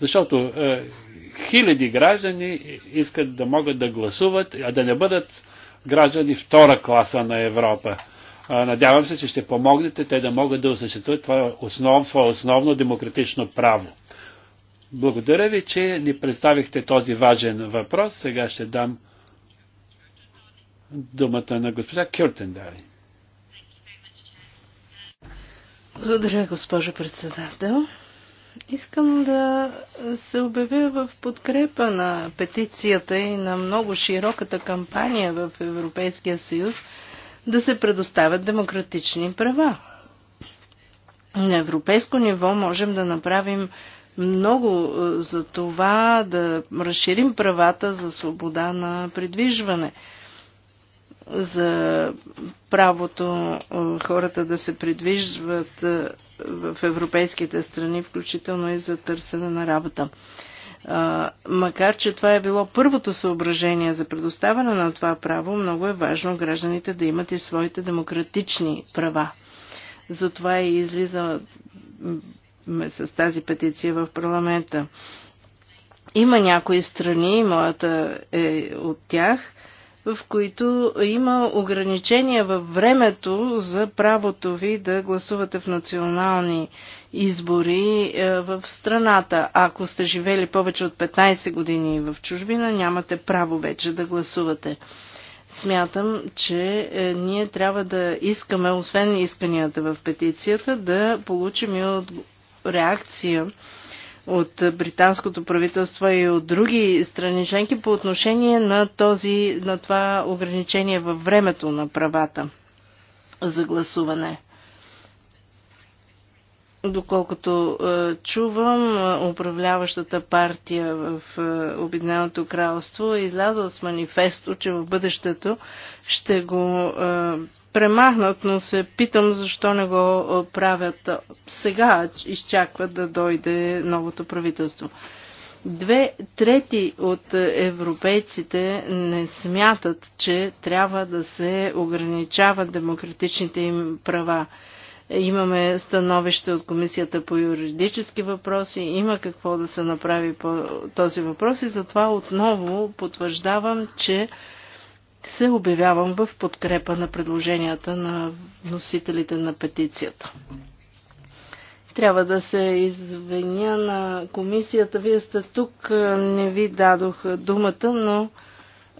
S3: Защото е, хиляди граждани искат да могат да гласуват, а да не бъдат граждани втора класа на Европа. Надявам се, че ще помогнете те да могат да осъществят това основ, свое основно демократично право. Благодаря ви, че ни представихте този важен въпрос. Сега ще дам думата на госпожа Кюртендари.
S1: Благодаря, госпожо председател. Искам да се обявя в подкрепа на петицията и на много широката кампания в Европейския съюз да се предоставят демократични права. На европейско ниво можем да направим много е, за това да разширим правата за свобода на придвижване, за правото е, хората да се придвижват е, в европейските страни, включително и за търсене на работа. макар, че това е било първото съображение за предоставяне на това право, много е важно гражданите да имат и своите демократични права. Затова и излиза с тази петиция в парламента. Има някои страни, моята е от тях, в които има ограничения във времето за правото ви да гласувате в национални избори е, в страната. Ако сте живели повече от 15 години в чужбина, нямате право вече да гласувате. Смятам, че е, ние трябва да искаме, освен исканията в петицията, да получим и от реакция от британското правителство и от други страни членки по отношение на, този, на това ограничение във времето на правата за гласуване. Доколкото е, чувам, е, управляващата партия в е, Обединеното кралство е излязла с манифесто, че в бъдещето ще го премахнат, но се питам защо не го правят сега, изчакват да дойде новото правителство. Две трети от европейците не смятат, че трябва да се ограничават демократичните им права. Имаме становище от Комисията по юридически въпроси. Има какво да се направи по този въпрос и затова отново потвърждавам, че се обявявам в подкрепа на предложенията на носителите на петицията. Трябва да се извиня на комисията. Вие сте тук, не ви дадох думата, но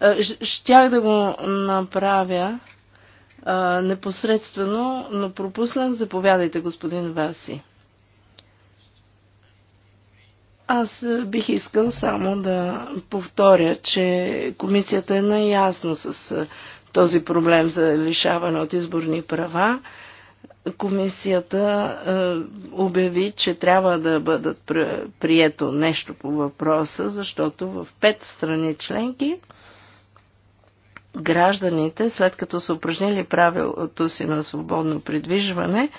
S1: е, щях да го направя а, непосредствено, но пропуснах. Заповядайте, господин Васи. Аз бих искал само да повторя, че комисията е наясно с този проблем за лишаване от изборни права. Комисията е, обяви, че трябва да бъдат прието нещо по въпроса, защото в пет страни членки гражданите, след като са упражнили правилото си на свободно придвижване,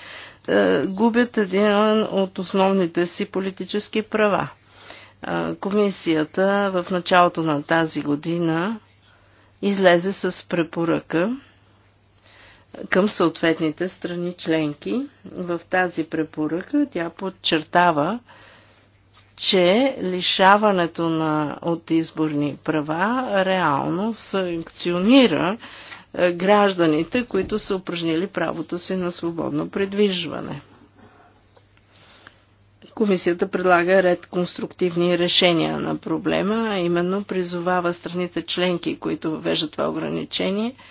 S1: е, губят един от основните си политически права. Е, комисията в началото на тази година излезе с препоръка към съответните страни членки. В тази препоръка тя подчертава, че лишаването на, от изборни права реално санкционира е, гражданите, които са упражнили правото си на свободно предвижване. Комисията предлага ред конструктивни решения на проблема, а именно призовава страните членки, които въвеждат това ограничение –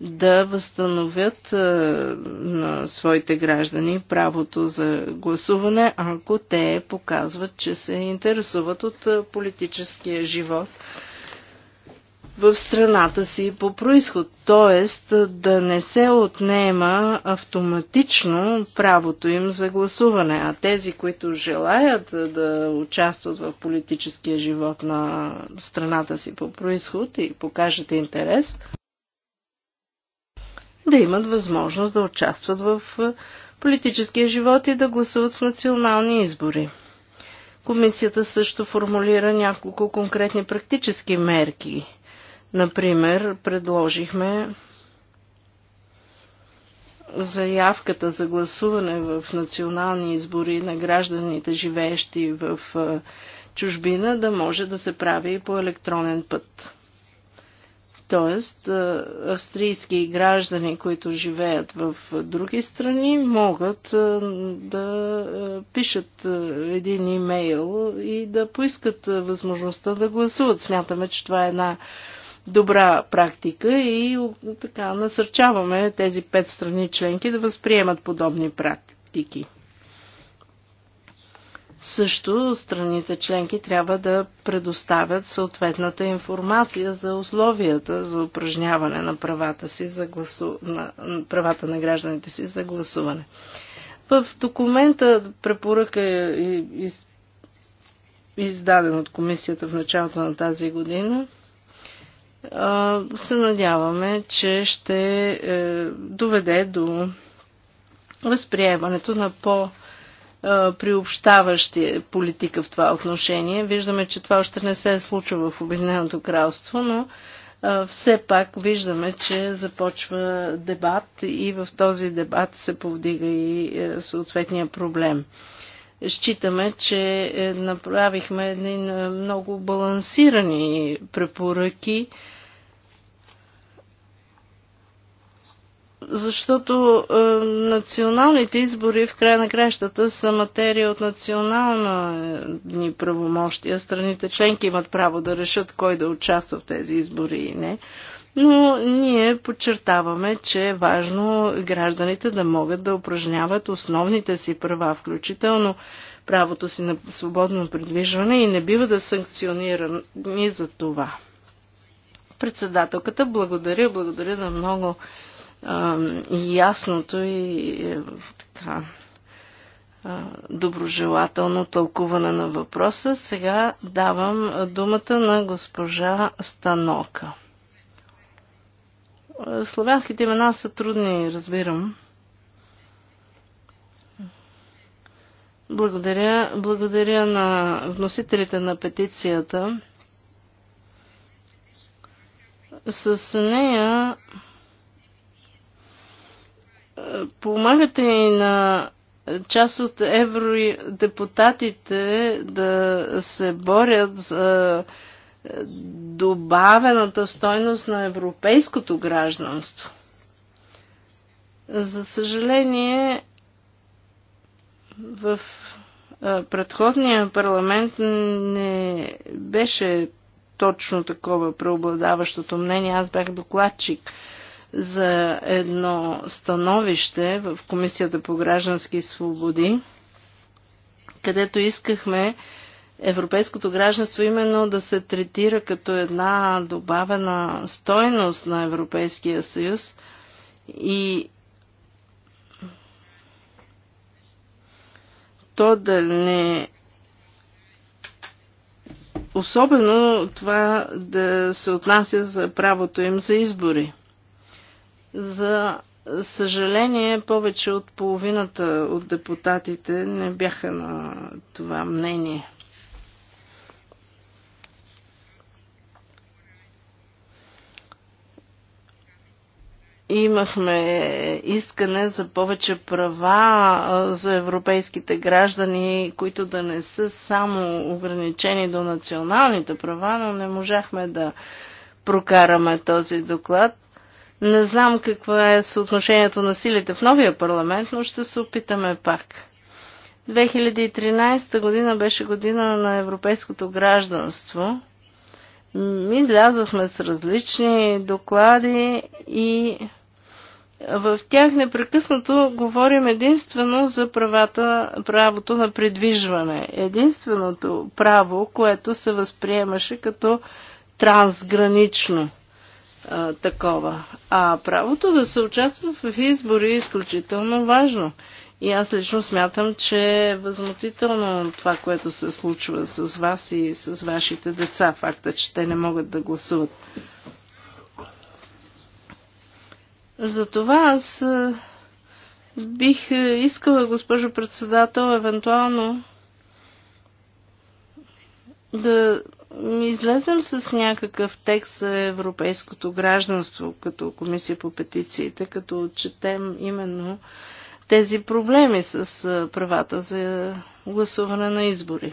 S1: да възстановят на своите граждани правото за гласуване, ако те показват, че се интересуват от политическия живот в страната си по происход, т.е. да не се отнема автоматично правото им за гласуване, а тези, които желаят да участват в политическия живот на страната си по происход и покажат интерес, да имат възможност да участват в политическия живот и да гласуват в национални избори. Комисията също формулира няколко конкретни практически мерки. Например, предложихме заявката за гласуване в национални избори на гражданите, живеещи в чужбина, да може да се прави и по електронен път. Тоест, австрийски граждани, които живеят в други страни, могат да пишат един имейл и да поискат възможността да гласуват. Смятаме, че това е една добра практика и така насърчаваме тези пет страни членки да възприемат подобни практики. Също страните членки трябва да предоставят съответната информация за условията за упражняване на правата, си за гласу... на... правата на гражданите си за гласуване. В документа препоръка е из... издаден от комисията в началото на тази година. Се надяваме, че ще е, доведе до възприемането на по- приобщаващи политика в това отношение. Виждаме, че това още не се е случва в Обединеното кралство, но все пак виждаме, че започва дебат и в този дебат се повдига и е, съответния проблем. Считаме, че е, направихме едни е, много балансирани препоръки, защото е, националните избори в края на кращата са материя от национална е, ни правомощия. Страните членки имат право да решат кой да участва в тези избори и не. Но ние подчертаваме, че е важно гражданите да могат да упражняват основните си права, включително правото си на свободно придвижване и не бива да санкционирани за това. Председателката, благодаря, благодаря за много ясното и е, така доброжелателно тълкуване на въпроса. Сега давам думата на госпожа Станока. Е, славянските имена са трудни, разбирам. Благодаря, благодаря на вносителите на петицията. С нея помагате и на част от евродепутатите да се борят за добавената стойност на европейското гражданство. За съжаление, в предходния парламент не беше точно такова преобладаващото мнение. Аз бях докладчик за едно становище в Комисията по граждански свободи, където искахме европейското гражданство именно да се третира като една добавена стойност на Европейския съюз и то да не особено това да се отнася за правото им за избори. За съжаление, повече от половината от депутатите не бяха на това мнение. имахме искане за повече права за европейските граждани, които да не са само ограничени до националните права, но не можахме да прокараме този доклад. Не знам какво е съотношението на силите в новия парламент, но ще се опитаме пак. 2013 година беше година на европейското гражданство. Излязохме с различни доклади и в тях непрекъснато говорим единствено за правата, правото на придвижване. Единственото право, което се възприемаше като трансгранично а, такова. А правото да се участва в избори е изключително важно. И аз лично смятам, че е възмутително това, което се случва с вас и с вашите деца, факта, че те не могат да гласуват. Затова аз бих искала, госпожо председател, евентуално да излезем с някакъв текст за европейското гражданство като комисия по петициите, като отчетем именно тези проблеми с правата за гласуване на избори.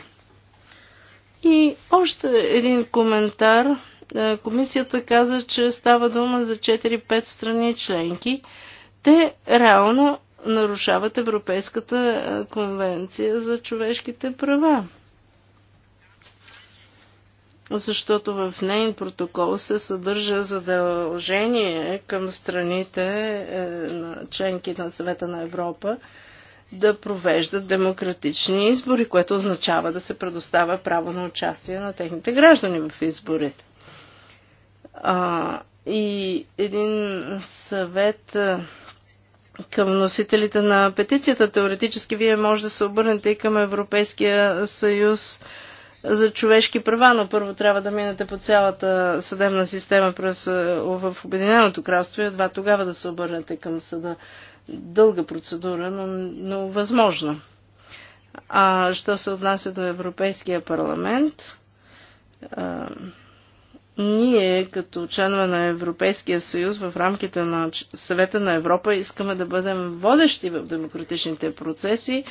S1: И още един коментар. Комисията каза, че става дума за 4-5 страни членки. Те реално нарушават Европейската конвенция за човешките права защото в нейн протокол се съдържа задължение към страните е, на членки на съвета на Европа да провеждат демократични избори, което означава да се предоставя право на участие на техните граждани в изборите. А, и един съвет е, към носителите на петицията. Теоретически вие може да се обърнете и към Европейския съюз за човешки права, но първо трябва да минете по цялата съдебна система през, е, в Обединеното кралство и едва тогава да се обърнете към съда. Дълга процедура, но, но възможна. А що се отнася до Европейския парламент, а, ние като членове на Европейския съюз в рамките на Съвета на Европа искаме да бъдем водещи в демократичните процеси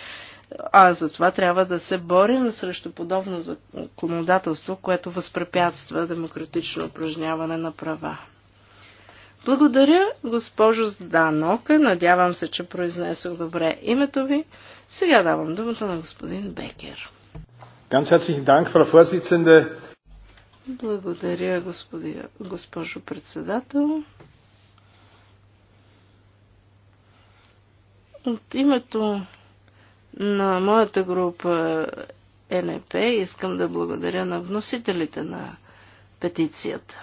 S1: а за това трябва да се борим срещу подобно законодателство, което възпрепятства демократично упражняване на права. Благодаря, госпожо Зданока. Надявам се, че произнесох добре името ви. Сега давам думата на господин Бекер. Благодаря, госпожо председател. От името на моята група е НП искам да благодаря на вносителите на петицията.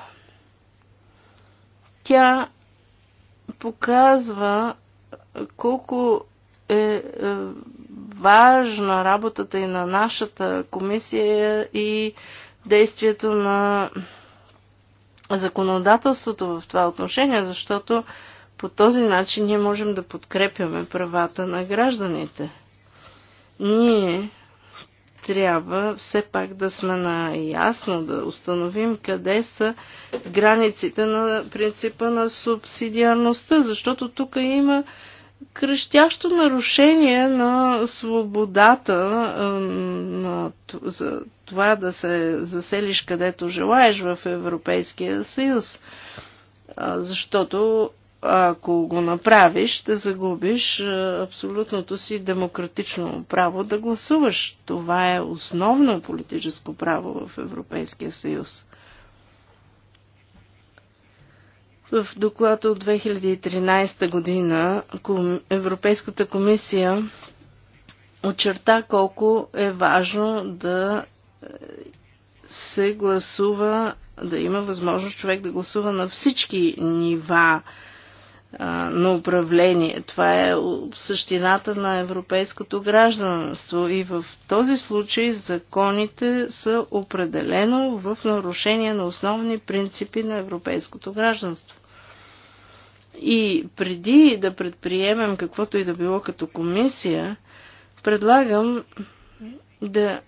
S1: Тя показва колко е, е важна работата и на нашата комисия и действието на законодателството в това отношение, защото по този начин ние можем да подкрепяме правата на гражданите. Ние трябва все пак да сме наясно, да установим къде са границите на принципа на субсидиарността, защото тук има кръщящо нарушение на свободата на, за това да се заселиш където желаеш в Европейския съюз. Защото ако го направиш, ще загубиш е, абсолютното си демократично право да гласуваш. Това е основно политическо право в Европейския съюз. В доклад от 2013 година Европейската комисия очерта колко е важно да е, се гласува, да има възможност човек да гласува на всички нива на управление. Това е същината на европейското гражданство и в този случай законите са определено в нарушение на основни принципи на европейското гражданство. И преди да предприемем каквото и да било като комисия, предлагам да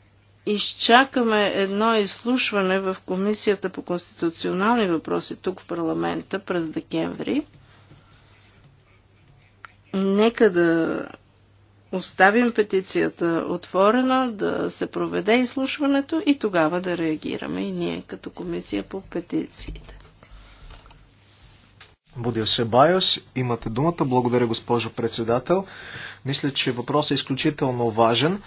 S1: изчакаме едно изслушване в Комисията по конституционални въпроси тук в парламента през декември – Нека да оставим петицията отворена, да се проведе изслушването и тогава да реагираме и ние като комисия по петициите.
S2: Будил Себайос, имате думата. Благодаря, госпожо председател. Мисля, че въпросът е изключително важен.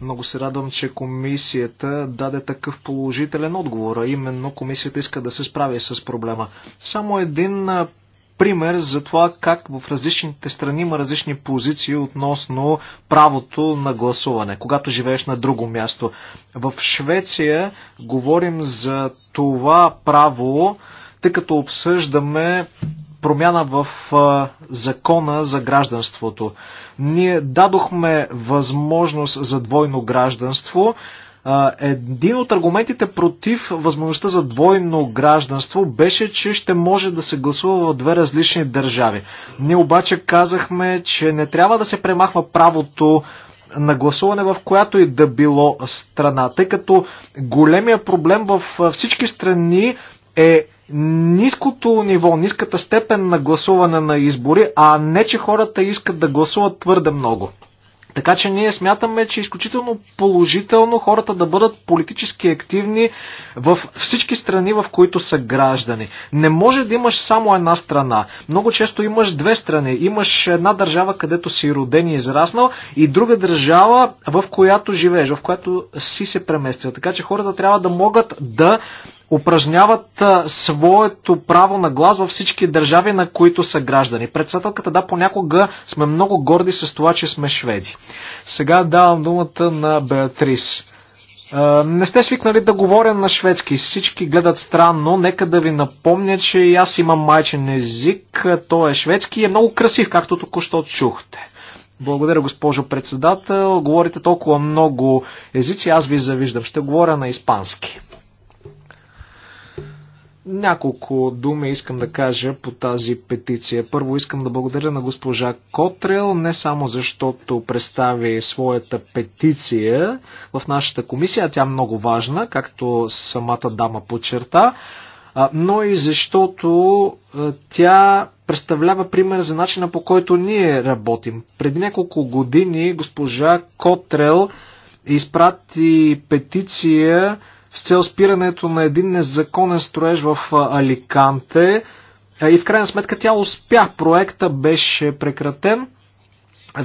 S2: Много се радвам, че комисията даде такъв положителен отговор, а именно комисията иска да се справи с проблема. Само един пример за това как в различните страни има различни позиции относно правото на гласуване, когато живееш на друго място. В Швеция говорим за това право, тъй като обсъждаме промяна в а, закона за гражданството. Ние дадохме възможност за двойно гражданство, един от аргументите против възможността за двойно гражданство беше, че ще може да се гласува в две различни държави. Ние обаче казахме, че не трябва да се премахва правото на гласуване в която и да било страна, тъй като големия проблем в всички страни е ниското ниво, ниската степен на гласуване на избори, а не че хората искат да гласуват твърде много. Така че ние смятаме, че е изключително положително хората да бъдат политически активни в всички страни, в които са граждани. Не може да имаш само една страна. Много често имаш две страни. Имаш една държава, където си роден и израснал и друга държава, в която живееш, в която си се преместил. Така че хората трябва да могат да упражняват своето право на глас във всички държави, на които са граждани. Председателката, да, понякога сме много горди с това, че сме шведи. Сега давам думата на Беатрис. Не сте свикнали да говоря на шведски. Всички гледат странно. Нека да ви напомня, че и аз имам майчен език. Той е шведски и е много красив, както току-що чухте. Благодаря, госпожо председател. Говорите толкова много езици, аз ви завиждам. Ще говоря на испански. Няколко думи искам да кажа по тази петиция. Първо искам да благодаря на госпожа Котрел, не само защото представи своята петиция в нашата комисия, тя е много важна, както самата дама подчерта, но и защото тя представлява пример за начина по който ние работим. Преди няколко години госпожа Котрел изпрати петиция с цел спирането на един незаконен строеж в Аликанте. И в крайна сметка тя успя. Проекта беше прекратен.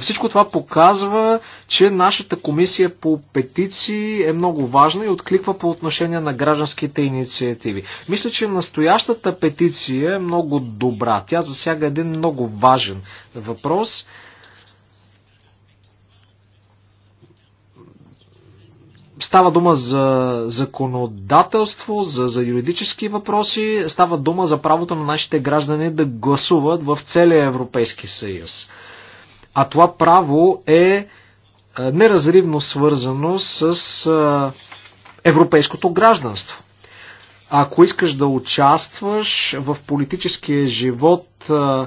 S2: Всичко това показва, че нашата комисия по петиции е много важна и откликва по отношение на гражданските инициативи. Мисля, че настоящата петиция е много добра. Тя засяга един много важен въпрос. Става дума за законодателство, за, за юридически въпроси, става дума за правото на нашите граждани да гласуват в целия Европейски съюз. А това право е, е неразривно свързано с е, европейското гражданство. Ако искаш да участваш в политическия живот е,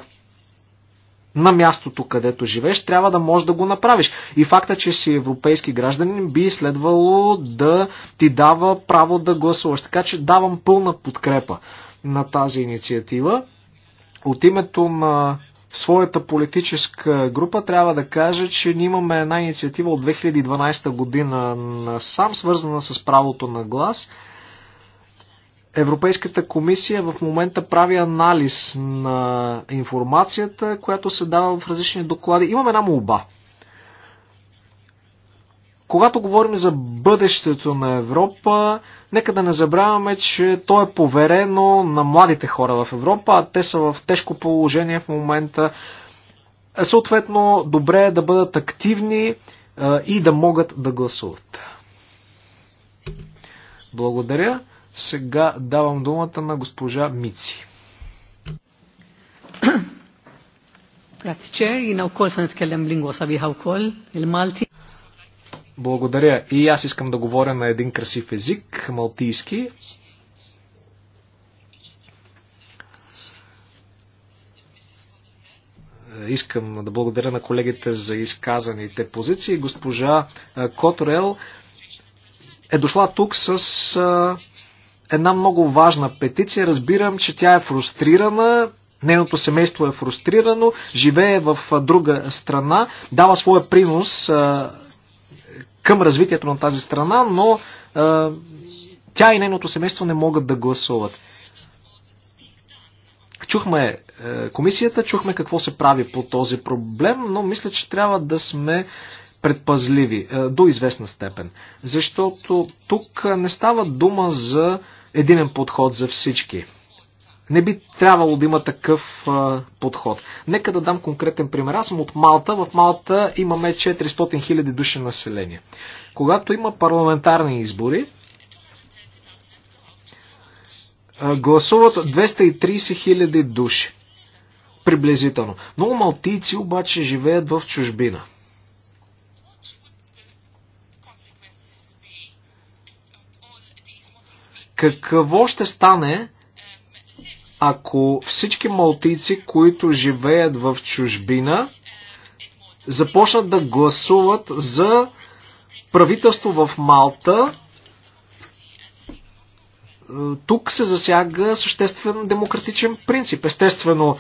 S2: на мястото, където живееш, трябва да можеш да го направиш. И факта, че си европейски гражданин, би следвало да ти дава право да гласуваш. Така че давам пълна подкрепа на тази инициатива. От името на своята политическа група трябва да кажа, че ние имаме една инициатива от 2012 година на сам, свързана с правото на глас – Европейската комисия в момента прави анализ на информацията, която се дава в различни доклади. Имаме една молба. Когато говорим за бъдещето на Европа, нека да не забравяме, че то е поверено на младите хора в Европа, а те са в тежко положение в момента. Съответно, добре е да бъдат активни е, и да могат да гласуват. Благодаря. Сега давам думата на госпожа Мици. Благодаря. И аз искам да говоря на един красив език, малтийски. Искам да благодаря на колегите за изказаните позиции. Госпожа Котрел е дошла тук с една много важна петиция. Разбирам, че тя е фрустрирана, нейното семейство е фрустрирано, живее в друга страна, дава своя принос а, към развитието на тази страна, но а, тя и нейното семейство не могат да гласуват. Чухме е, комисията, чухме какво се прави по този проблем, но мисля, че трябва да сме предпазливи е, до известна степен. Защото тук не става дума за единен подход за всички. Не би трябвало да има такъв а, подход. Нека да дам конкретен пример. Аз съм от Малта. В Малта имаме 400 000 души население. Когато има парламентарни избори, а, гласуват 230 000 души. Приблизително. Много малтийци обаче живеят в чужбина – Какво ще стане, ако всички малтийци, които живеят в чужбина, започнат да гласуват за правителство в Малта, тук се засяга съществен демократичен принцип. Естествено,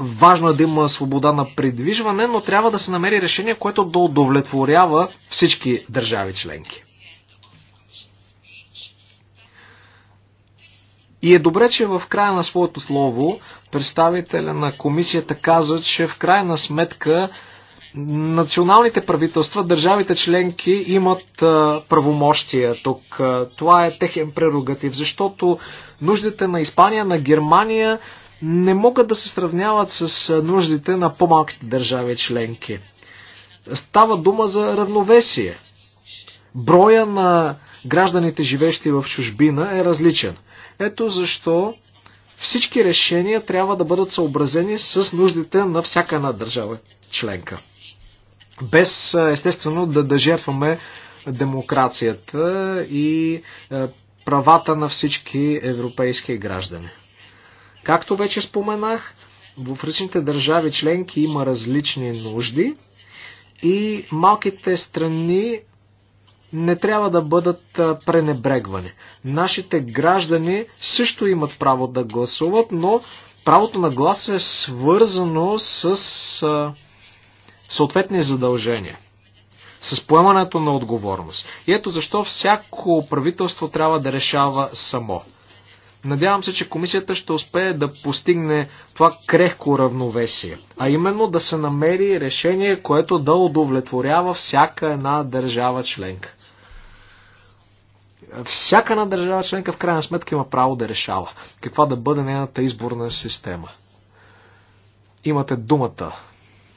S2: важно е да има свобода на придвижване, но трябва да се намери решение, което да удовлетворява всички държави членки. И е добре, че в края на своето слово представителя на комисията каза, че в крайна сметка националните правителства, държавите членки имат правомощия тук. Това е техен прерогатив, защото нуждите на Испания, на Германия не могат да се сравняват с нуждите на по-малките държави членки. Става дума за равновесие. Броя на гражданите, живещи в чужбина, е различен. Ето защо всички решения трябва да бъдат съобразени с нуждите на всяка една държава членка. Без, естествено, да, да жертваме демокрацията и правата на всички европейски граждани. Както вече споменах, в различните държави членки има различни нужди и малките страни не трябва да бъдат пренебрегвани. Нашите граждани също имат право да гласуват, но правото на глас е свързано с съответни задължения с поемането на отговорност. И ето защо всяко правителство трябва да решава само. Надявам се, че комисията ще успее да постигне това крехко равновесие, а именно да се намери решение, което да удовлетворява всяка една държава членка. Всяка една държава членка в крайна сметка има право да решава каква да бъде нейната изборна система. Имате думата,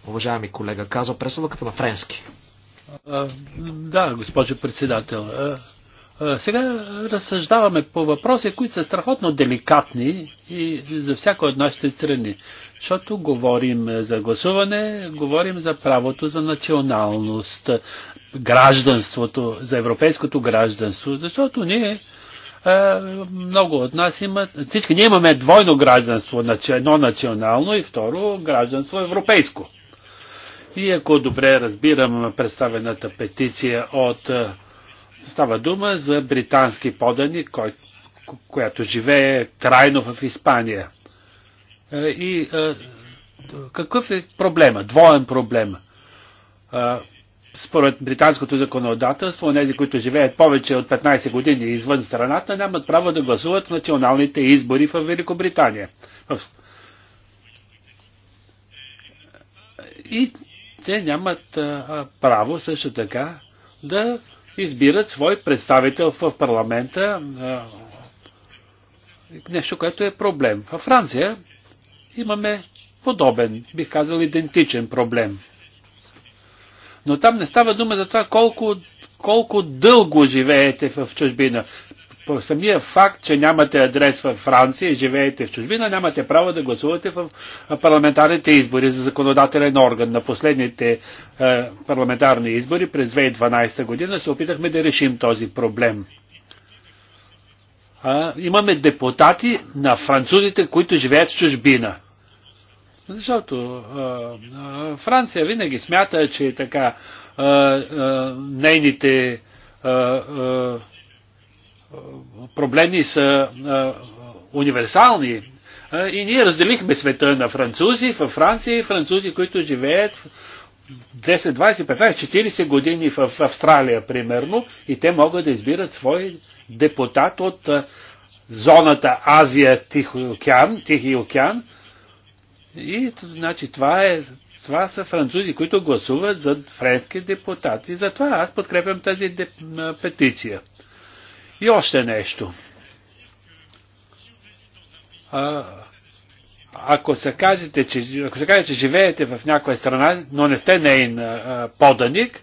S3: уважаеми колега, казва преселъката на френски. А, да, госпожо председател. А, сега разсъждаваме по въпроси, които са страхотно деликатни и за всяко от нашите страни. Защото говорим за гласуване, говорим за правото за националност, гражданството, за европейското гражданство, защото ние много от нас имат, всички ние имаме двойно гражданство, едно национално и второ гражданство европейско. И ако добре разбирам представената петиция от Става дума за британски подани, кой, която живее трайно в Испания. Е, и е, какъв е проблема? Двоен проблем. Е, според британското законодателство, тези, които живеят повече от 15 години извън страната, нямат право да гласуват в националните избори в Великобритания. И те нямат право също така да избират свой представител в парламента. Нещо, което е проблем. Във Франция имаме подобен, бих казал, идентичен проблем. Но там не става дума за това колко, колко дълго живеете в чужбина по е самия факт, че нямате адрес във Франция и живеете в чужбина, нямате право да гласувате в парламентарните избори за законодателен орган. На последните е, парламентарни избори през 2012 година се опитахме да решим този проблем. А, имаме депутати на французите, които живеят в чужбина. Защото а, а, Франция винаги смята, че така а, а, нейните а, а, проблеми са универсални. И ние разделихме света на французи във Франция и французи, които живеят 10, 20, 15, 40 години в Австралия, примерно, и те могат да избират свой депутат от зоната Азия, Тихи океан, Тихи океан. И значи, това, е, това са французи, които гласуват за френски депутати. Затова аз подкрепям тази петиция. И още нещо. А, ако се, кажете, че, ако се каже, че живеете в някоя страна, но не сте нейн а, поданик,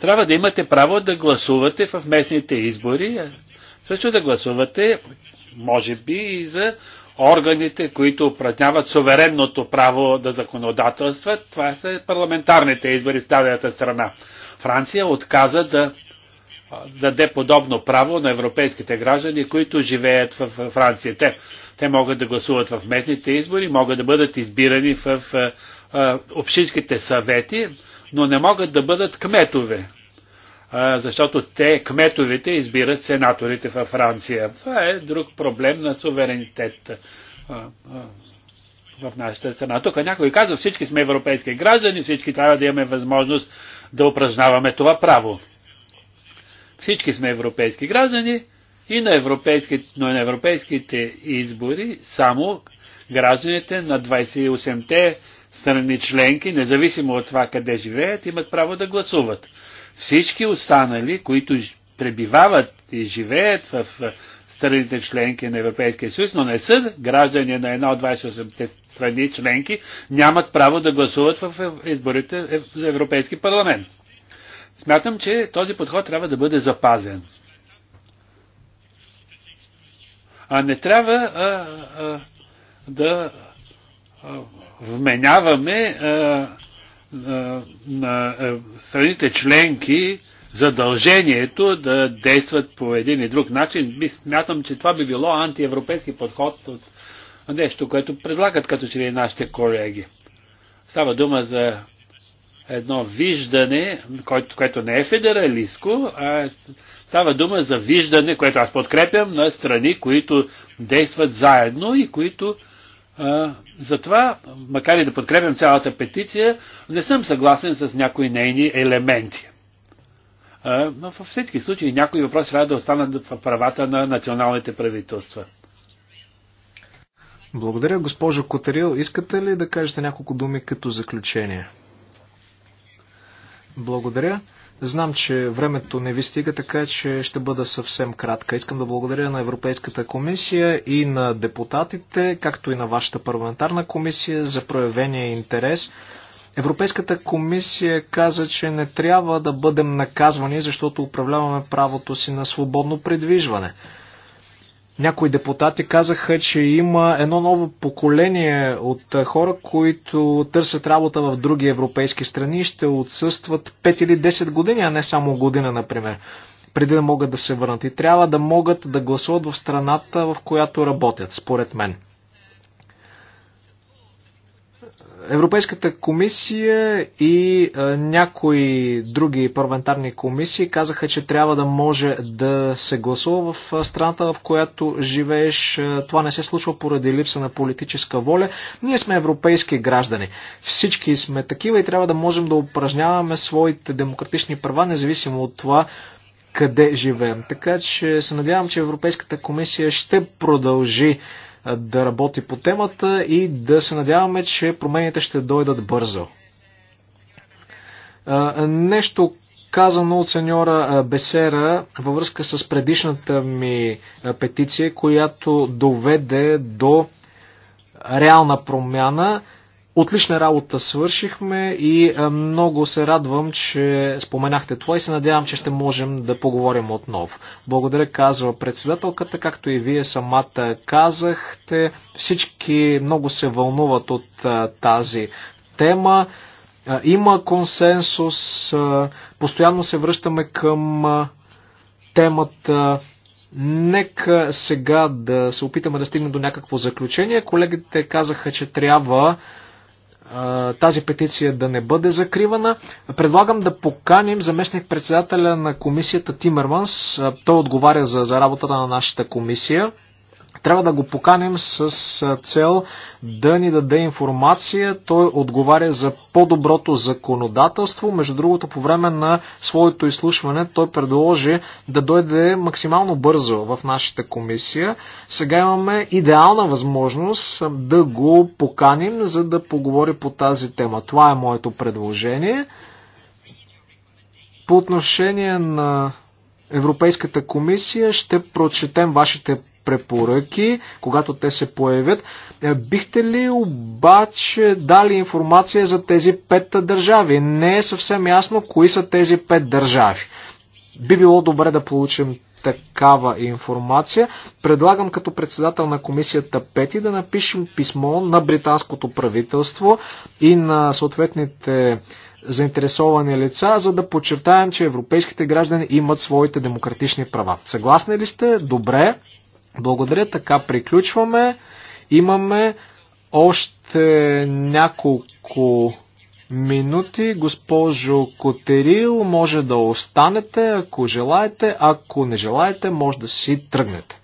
S3: трябва да имате право да гласувате в местните избори, също да гласувате, може би, и за органите, които упражняват суверенното право да законодателстват. Това са парламентарните избори в дадената страна. Франция отказа да даде подобно право на европейските граждани, които живеят в Франция. Те, те могат да гласуват в местните избори, могат да бъдат избирани в общинските съвети, но не могат да бъдат кметове, защото те, кметовете, избират сенаторите във Франция. Това е друг проблем на суверенитет в нашата страна. Тук някой казва, всички сме европейски граждани, всички трябва да имаме възможност да упражняваме това право. Всички сме европейски граждани и на европейските, но и на европейските избори само гражданите на 28-те страни членки, независимо от това къде живеят, имат право да гласуват. Всички останали, които пребивават и живеят в страните членки на Европейския съюз, но не са граждани на една от 28-те страни членки, нямат право да гласуват в изборите за Европейски парламент. Смятам, че този подход трябва да бъде запазен. А не трябва а, а, да а, вменяваме а, а, на а, страните членки задължението да действат по един и друг начин. Смятам, че това би било антиевропейски подход от нещо, което предлагат като че ли нашите колеги. Става дума за едно виждане, което, което не е федералистко, а става дума за виждане, което аз подкрепям на страни, които действат заедно и които а, затова, макар и да подкрепям цялата петиция, не съм съгласен с някои нейни елементи. А, но във всички случаи някои въпроси трябва да останат в правата на националните правителства.
S2: Благодаря, госпожо Котерил. Искате ли да кажете няколко думи като заключение? Благодаря. Знам, че времето не ви стига, така че ще бъда съвсем кратка. Искам да благодаря на Европейската комисия и на депутатите, както и на вашата парламентарна комисия за проявения интерес. Европейската комисия каза, че не трябва да бъдем наказвани, защото управляваме правото си на свободно придвижване. Някои депутати казаха, че има едно ново поколение от хора, които търсят работа в други европейски страни и ще отсъстват 5 или 10 години, а не само година, например, преди да могат да се върнат. И трябва да могат да гласуват в страната, в която работят, според мен. Европейската комисия и а, някои други парламентарни комисии казаха, че трябва да може да се гласува в страната, в която живееш. Това не се случва поради липса на политическа воля. Ние сме европейски граждани. Всички сме такива и трябва да можем да упражняваме своите демократични права, независимо от това къде живеем. Така че се надявам, че Европейската комисия ще продължи да работи по темата и да се надяваме, че промените ще дойдат бързо. Нещо казано от сеньора Бесера във връзка с предишната ми петиция, която доведе до реална промяна. Отлична работа свършихме и е, много се радвам, че споменахте това и се надявам, че ще можем да поговорим отново. Благодаря, казва председателката, както и вие самата казахте. Всички много се вълнуват от е, тази тема. Е, има консенсус, постоянно се връщаме към темата. Нека сега да се опитаме да стигнем до някакво заключение. Колегите казаха, че трябва тази петиция да не бъде закривана. Предлагам да поканим заместник председателя на комисията Тимерманс. Той отговаря за, за работата на нашата комисия. Трябва да го поканим с цел да ни даде информация. Той отговаря за по-доброто законодателство. Между другото, по време на своето изслушване той предложи да дойде максимално бързо в нашата комисия. Сега имаме идеална възможност да го поканим, за да поговори по тази тема. Това е моето предложение. По отношение на Европейската комисия ще прочетем вашите препоръки, когато те се появят. Е, бихте ли обаче дали информация за тези пет държави? Не е съвсем ясно кои са тези пет държави. Би било добре да получим такава информация. Предлагам като председател на комисията Пети да напишем писмо на британското правителство и на съответните заинтересовани лица, за да подчертаем, че европейските граждани имат своите демократични права. Съгласни ли сте? Добре. Благодаря, така приключваме. Имаме още няколко минути. Госпожо Котерил, може да останете, ако желаете. Ако не желаете, може да си тръгнете.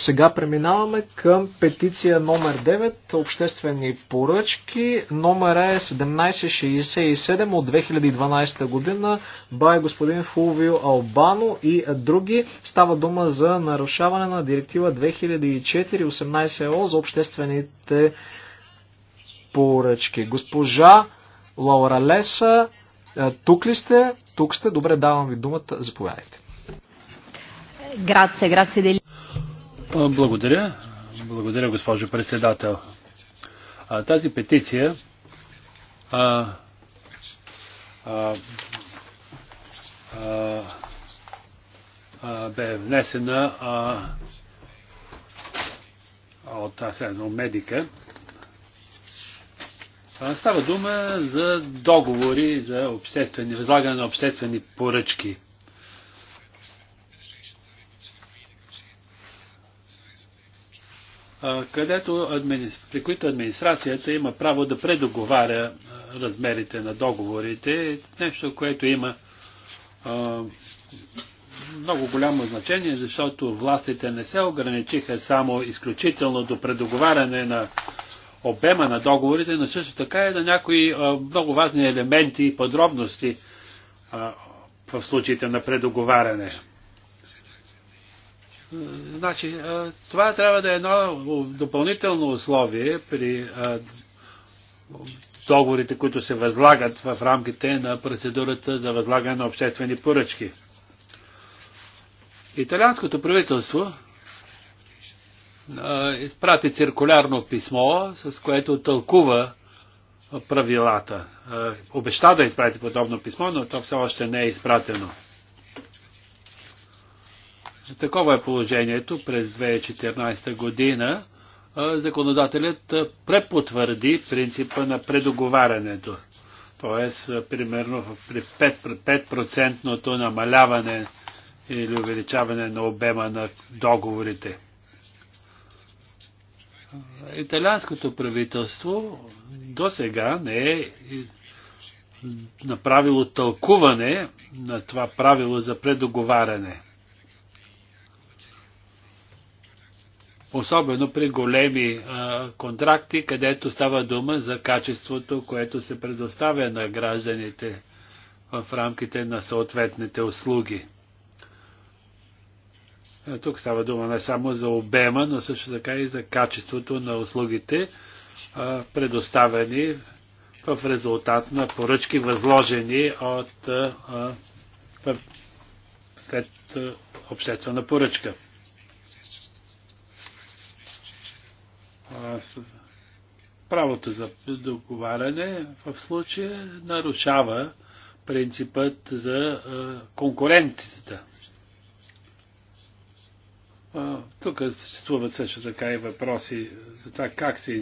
S2: Сега преминаваме към петиция номер 9, обществени поръчки. Номера е 1767 от 2012 година, бай господин Фулвио Албано и други. Става дума за нарушаване на директива 2004-18-ЕО за обществените поръчки. Госпожа Лаура Леса, е, тук ли сте? Тук сте. Добре, давам ви думата.
S3: Заповядайте.
S1: Грация, грация, Дели.
S3: Благодаря. Благодаря, госпожо председател. А, тази петиция а, а, а, а, бе внесена а, от едно медика. А, става дума за договори за обществени, възлагане на обществени поръчки. където при които администрацията има право да предоговаря размерите на договорите, нещо, което има много голямо значение, защото властите не се ограничиха само изключително до предоговаряне на обема на договорите, но също така и е на някои много важни елементи и подробности в случаите на предоговаряне. Значи, това трябва да е едно допълнително условие при договорите, които се възлагат в рамките на процедурата за възлагане на обществени поръчки. Италианското правителство изпрати циркулярно писмо, с което тълкува правилата. Обеща да изпрати подобно писмо, но то все още не е изпратено такова е положението през 2014 година. Законодателят препотвърди принципа на предоговарянето. Тоест, примерно при 5% намаляване или увеличаване на обема на договорите. Италианското правителство до сега не е направило тълкуване на това правило за предоговаряне. особено при големи а, контракти, където става дума за качеството, което се предоставя на гражданите в рамките на съответните услуги. А, тук става дума не само за обема, но също така и за качеството на услугите, а, предоставени в резултат на поръчки, възложени от, а, а, след обществена поръчка. правото за договаряне в случая нарушава принципът за конкуренцията. Тук съществуват също така и въпроси за това как се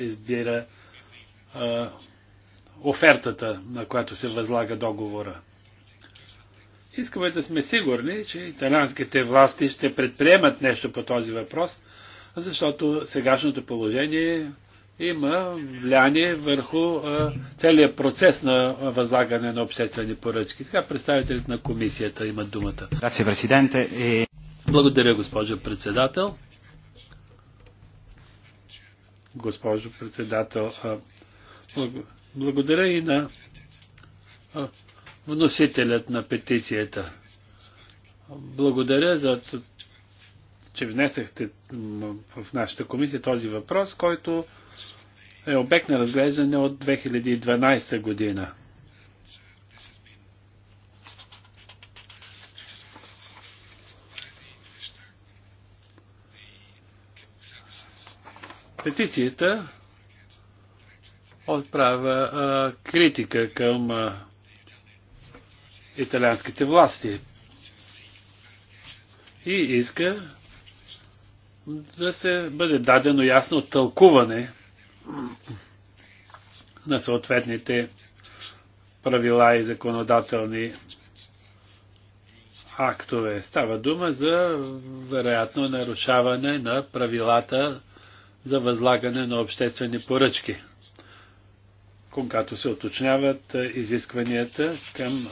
S3: избира офертата, на която се възлага договора. Искаме да сме сигурни, че италянските власти ще предприемат нещо по този въпрос, защото сегашното положение има влияние върху целият процес на възлагане на обществени поръчки. Сега представителите на комисията имат думата. Е, благодаря, госпожо председател. Госпожо председател, благодаря и на вносителят на петицията. Благодаря за че внесахте в нашата комисия този въпрос, който е обект на разглеждане от 2012 година. Петицията отправя а, критика към а, италианските власти и иска да се бъде дадено ясно тълкуване на съответните правила и законодателни актове. Става дума за вероятно нарушаване на правилата за възлагане на обществени поръчки, когато се уточняват изискванията към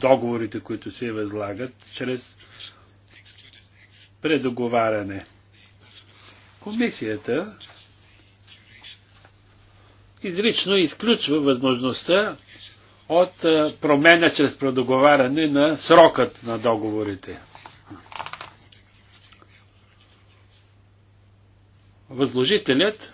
S3: договорите, които се възлагат чрез предоговаряне. Комисията изрично изключва възможността от промена чрез предоговаряне на срокът на договорите. Възложителят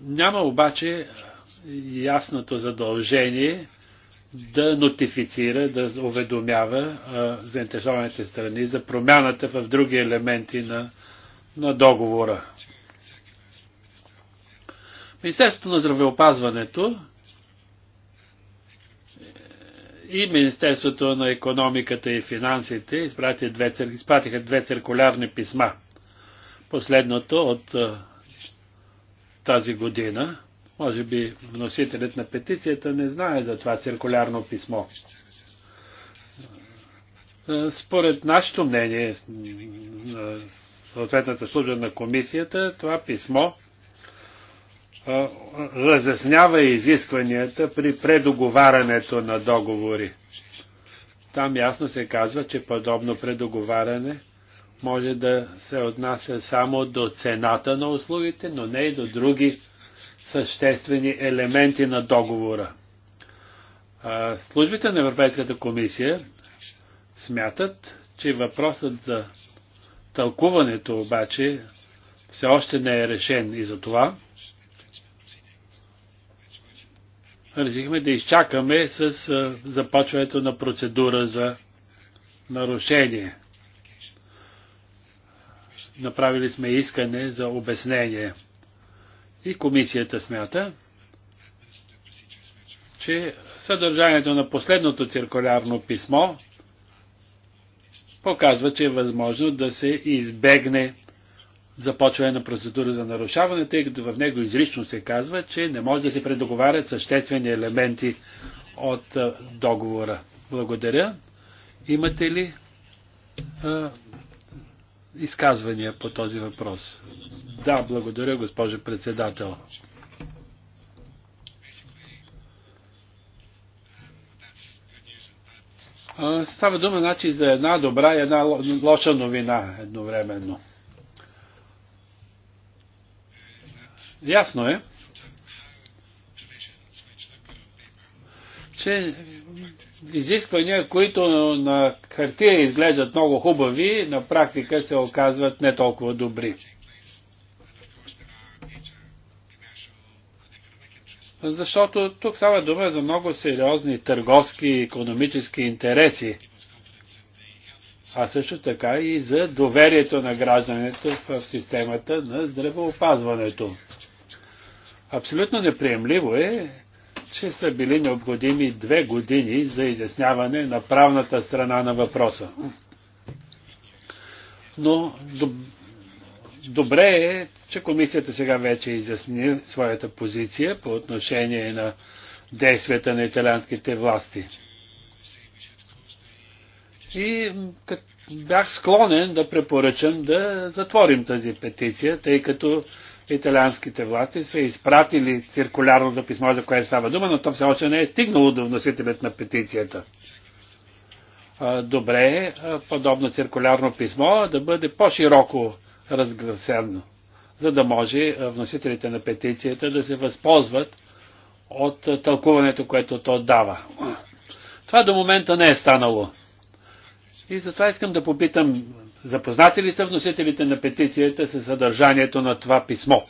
S3: няма обаче ясното задължение да нотифицира, да уведомява заинтересованите страни за промяната в други елементи на, на договора. Министерството на здравеопазването и Министерството на економиката и финансите две, изпратиха две циркулярни писма. Последното от тази година може би вносителят на петицията не знае за това циркулярно писмо. Е, според нашето мнение, на съответната служба на комисията, това писмо е, разяснява изискванията при предоговарянето на договори. Там ясно се казва, че подобно предоговаряне може да се отнася само до цената на услугите, но не и до други съществени елементи на договора. Службите на Европейската комисия смятат, че въпросът за тълкуването обаче все още не е решен и за това решихме да изчакаме с започването на процедура за нарушение. Направили сме искане за обяснение. И комисията смята, че съдържанието на последното циркулярно писмо показва, че е възможно да се избегне започване на процедура за нарушаване, тъй като в него изрично се казва, че не може да се предоговарят съществени елементи от договора. Благодаря. Имате ли изказвания по този въпрос? Да, благодаря, госпожа председател. Става дума значи, за една добра и една лоша новина едновременно. Ясно е, че изисквания, които на хартия изглеждат много хубави, на практика се оказват не толкова добри. Защото тук става дума за много сериозни търговски и економически интереси, а също така и за доверието на гражданите в системата на здравеопазването. Абсолютно неприемливо е че са били необходими две години за изясняване на правната страна на въпроса. Но доб... добре е, че комисията сега вече изясни своята позиция по отношение на действията на италианските власти. И бях склонен да препоръчам да затворим тази петиция, тъй като италианските власти са изпратили циркулярното писмо, за което става дума, но то все още не е стигнало до вносителят на петицията. Добре е подобно циркулярно писмо да бъде по-широко разгласено, за да може вносителите на петицията да се възползват от тълкуването, което то дава. Това до момента не е станало. И затова искам да попитам Запознати ли са вносителите на петицията със съдържанието на това писмо?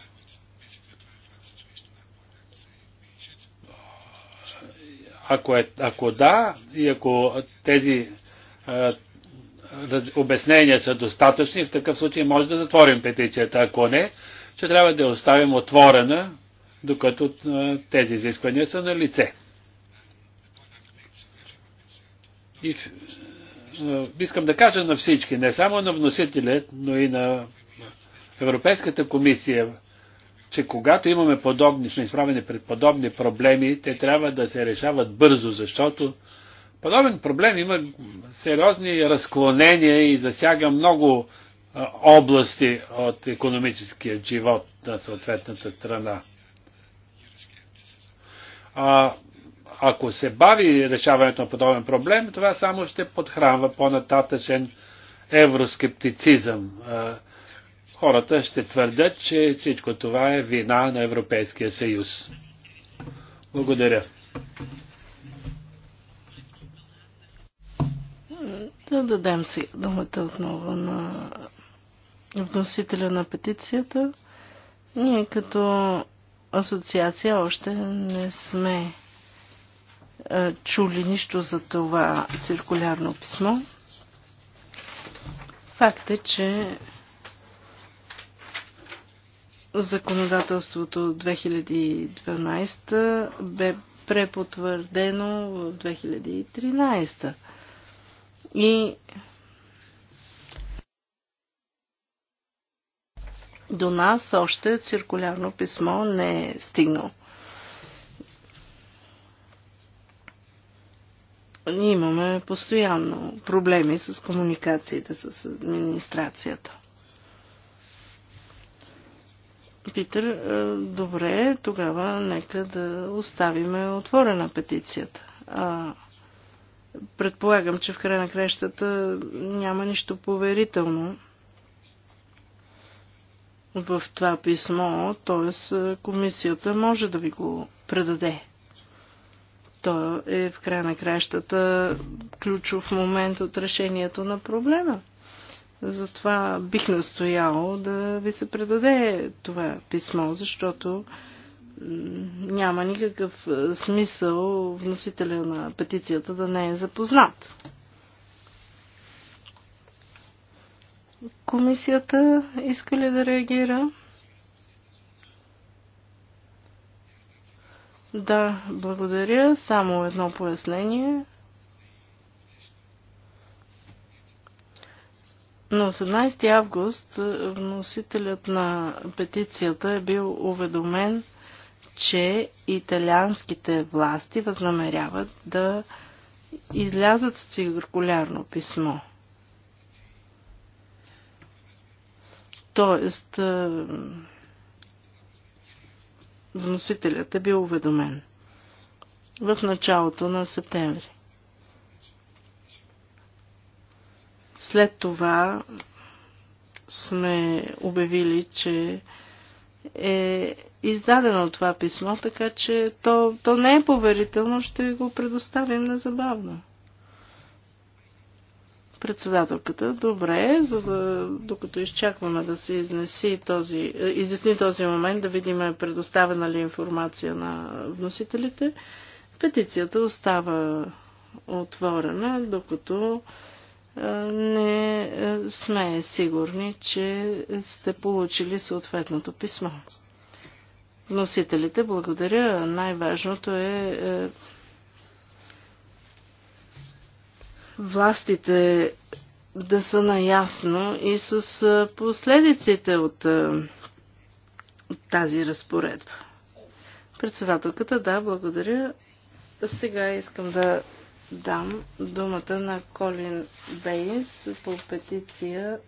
S3: Ако, е, ако да, и ако тези а, раз, обяснения са достатъчни, в такъв случай може да затворим петицията. Ако не, ще трябва да я оставим отворена, докато а, тези изисквания са на лице. И е, искам да кажа на всички, не само на вносителя, но и на Европейската комисия, че когато имаме подобни, сме изправени пред подобни проблеми, те трябва да се решават бързо, защото подобен проблем има сериозни разклонения и засяга много области от економическия живот на съответната страна. А, ако се бави решаването на подобен проблем, това само ще подхранва по-нататъчен евроскептицизъм. Хората ще твърдят, че всичко това е вина на Европейския съюз. Благодаря.
S1: Да дадем си думата отново на вносителя на петицията. Ние като асоциация още не сме е, чули нищо за това циркулярно писмо. Факт е, че законодателството от 2012 бе препотвърдено в 2013. И до нас още циркулярно писмо не е стигнало. Ние имаме постоянно проблеми с комуникациите с администрацията. Питър, е, добре, тогава нека да оставим отворена петицията. А, предполагам, че в края на крещата няма нищо поверително в това писмо, т.е. комисията може да ви го предаде. То е в края на кращата ключов момент от решението на проблема. Затова бих настоял да ви се предаде това писмо, защото няма никакъв е, смисъл вносителя на петицията да не е запознат. Комисията иска ли да реагира? Да, благодаря. Само едно пояснение. На 18 август е, вносителят на петицията е бил уведомен, че италианските власти възнамеряват да излязат с циркулярно писмо. Тоест, е, вносителят е бил уведомен в началото на септември. След това сме обявили, че е издадено това писмо, така че то, то не е поверително, ще го предоставим незабавно. Председателката, добре, за да, докато изчакваме да се изнеси този, е, изясни този момент, да видим предоставена ли информация на вносителите, петицията остава отворена, докато е, не е, сме сигурни, че сте получили съответното писмо. Вносителите, благодаря. Най-важното е властите да са наясно и с последиците от, от тази разпоредба. Председателката, да, благодаря. Сега искам да дам думата на Колин Бейнс по петиция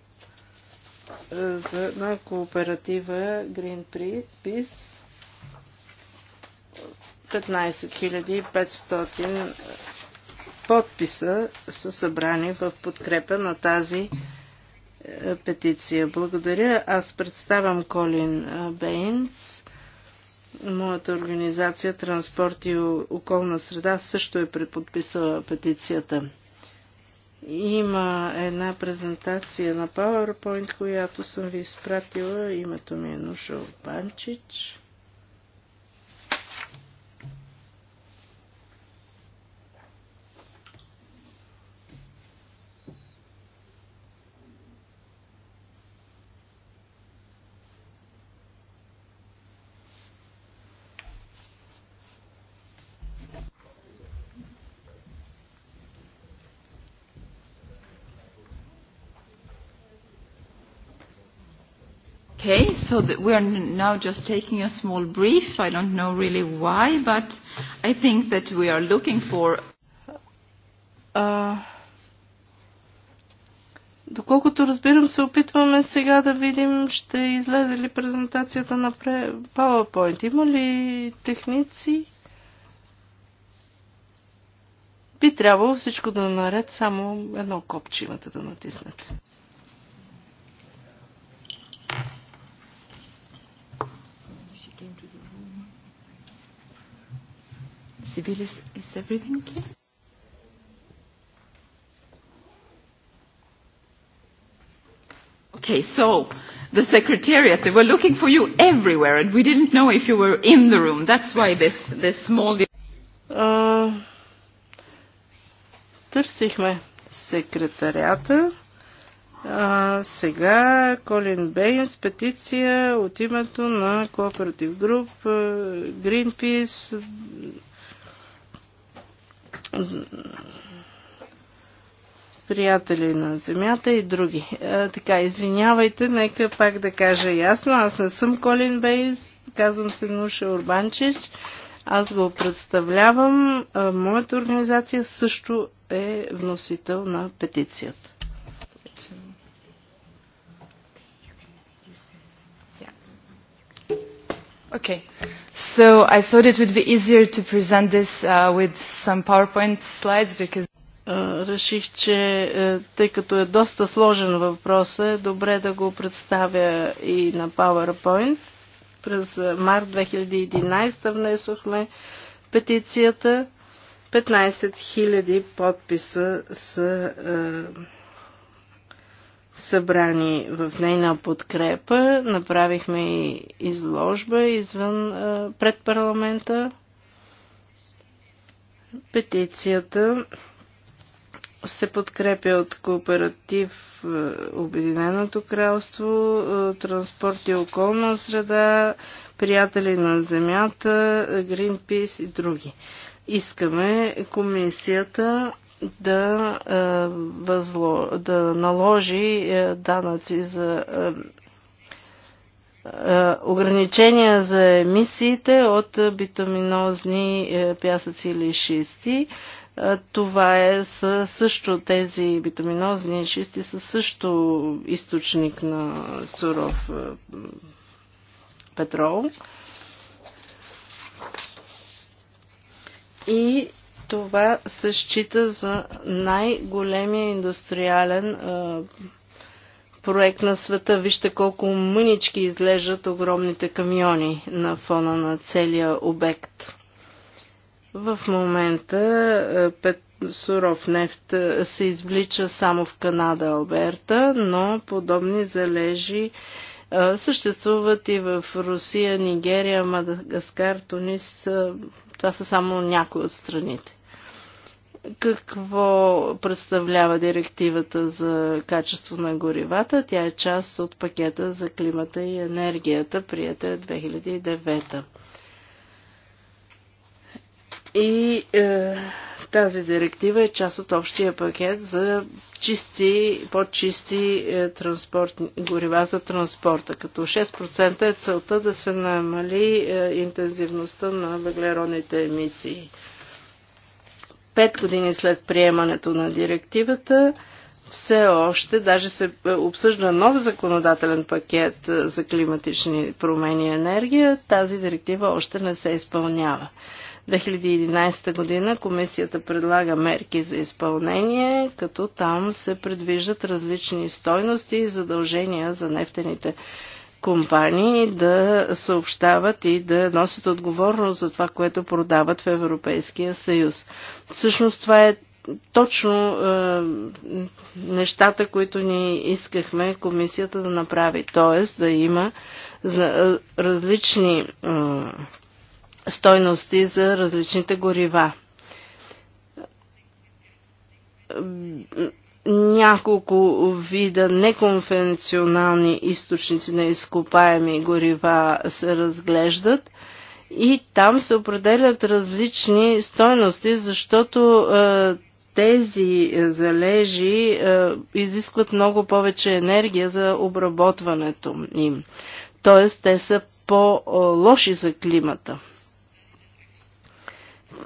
S1: за, на кооператива Green 15 500 подписа са събрани в подкрепа на тази е, петиция. Благодаря. Аз представям Колин е, Бейнс. Моята организация Транспорт и околна среда също е преподписала петицията. Има една презентация на PowerPoint, която съм ви изпратила. Името ми е Нушо Панчич. so that we are now just taking a small brief. I don't know really why, but I think that we are looking for. Uh, доколкото разбирам, се опитваме сега да видим ще излезе ли презентацията на PowerPoint. Има ли техници? Би трябвало всичко да е наред, само едно копче имате да натиснете. Sibylis, is everything okay? Okay, so the secretariat, they were looking for you everywhere, and we didn't know if you were in the room. That's why this, this small... Uh, търсихме секретарията. А, сега Колин Бейнс, петиция от името на Cooperative Group, Greenpeace, приятели на земята и други. А, така, извинявайте, нека пак да кажа ясно. Аз не съм Колин Бейс, казвам се Нуша Урбанчич. Аз го представлявам. А, моята организация също е вносител на петицията. Okay. So I thought it would be easier to present this uh, with some PowerPoint slides because Uh, реших, че тъй като е доста сложен въпрос, е добре да го представя и на PowerPoint. През март 2011 внесохме петицията. 15 000 подписа са uh, събрани в нейна подкрепа. Направихме и изложба извън пред парламента. Петицията се подкрепя от кооператив Обединеното кралство, Транспорт и околна среда, Приятели на земята, Greenpeace и други. Искаме комисията да, е, възло, да наложи е, данъци за е, ограничения за емисиите от битуминозни пясъци или шисти. Това е също тези битуминозни шисти са също източник на суров петрол. И това се счита за най-големия индустриален а, проект на света. Вижте колко мънички излежат огромните камиони на фона на целия обект. В момента пет, суров нефт се извлича само в Канада, Алберта, но подобни залежи а, съществуват и в Русия, Нигерия, Мадагаскар, Тунис. А, това са само някои от страните какво представлява директивата за качество на горивата. Тя е част от пакета за климата и енергията, прията 2009. Е и е, тази директива е част от общия пакет за чисти, по-чисти е, транспорт, горива за транспорта, като 6% е целта да се намали е, интензивността на въглеродните емисии пет години след приемането на директивата, все още, даже се е, обсъжда нов законодателен пакет е, за климатични промени и енергия, тази директива още не се изпълнява. 2011 година комисията предлага мерки за изпълнение, като там се предвиждат различни стойности и задължения за нефтените компании да съобщават и да носят отговорност за това, което продават в Европейския съюз. Всъщност това е точно е, нещата, които ни искахме комисията да направи. Тоест да има е, различни е, стойности за различните горива няколко вида неконвенционални източници на изкопаеми горива се разглеждат и там се определят различни стойности, защото е, тези залежи е, изискват много повече енергия за обработването им. Тоест, те са по-лоши за климата.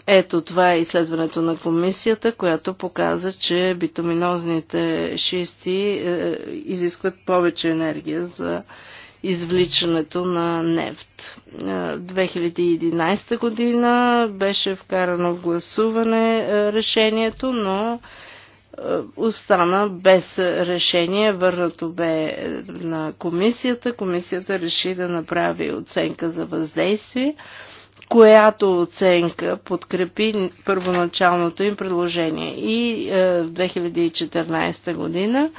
S1: Ето това е изследването на комисията, която показа, че битуминозните шисти е, изискват повече енергия за извличането на нефт. 2011 е, година беше вкарано в гласуване е, решението, но е, остана без решение. Върнато бе на комисията. Комисията реши да направи оценка за въздействие която оценка подкрепи първоначалното им предложение. И е, в 2014 година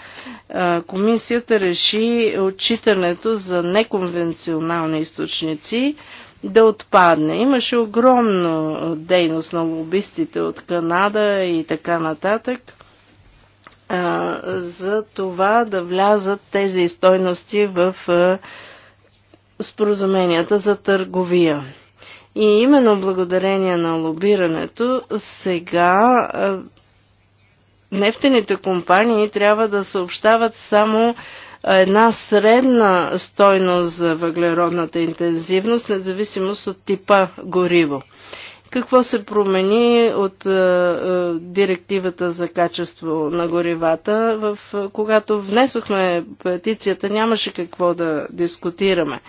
S1: е, комисията реши отчитането за неконвенционални източници да отпадне. Имаше огромно дейност на лобистите от Канада и така нататък е, за това да влязат тези стойности в е, споразуменията за търговия. И именно благодарение на лобирането сега нефтените компании трябва да съобщават само една средна стойност за въглеродната интензивност, независимост от типа гориво. Какво се промени от а, а, директивата за качество на горивата? В, а, когато внесохме петицията, нямаше какво да дискутираме.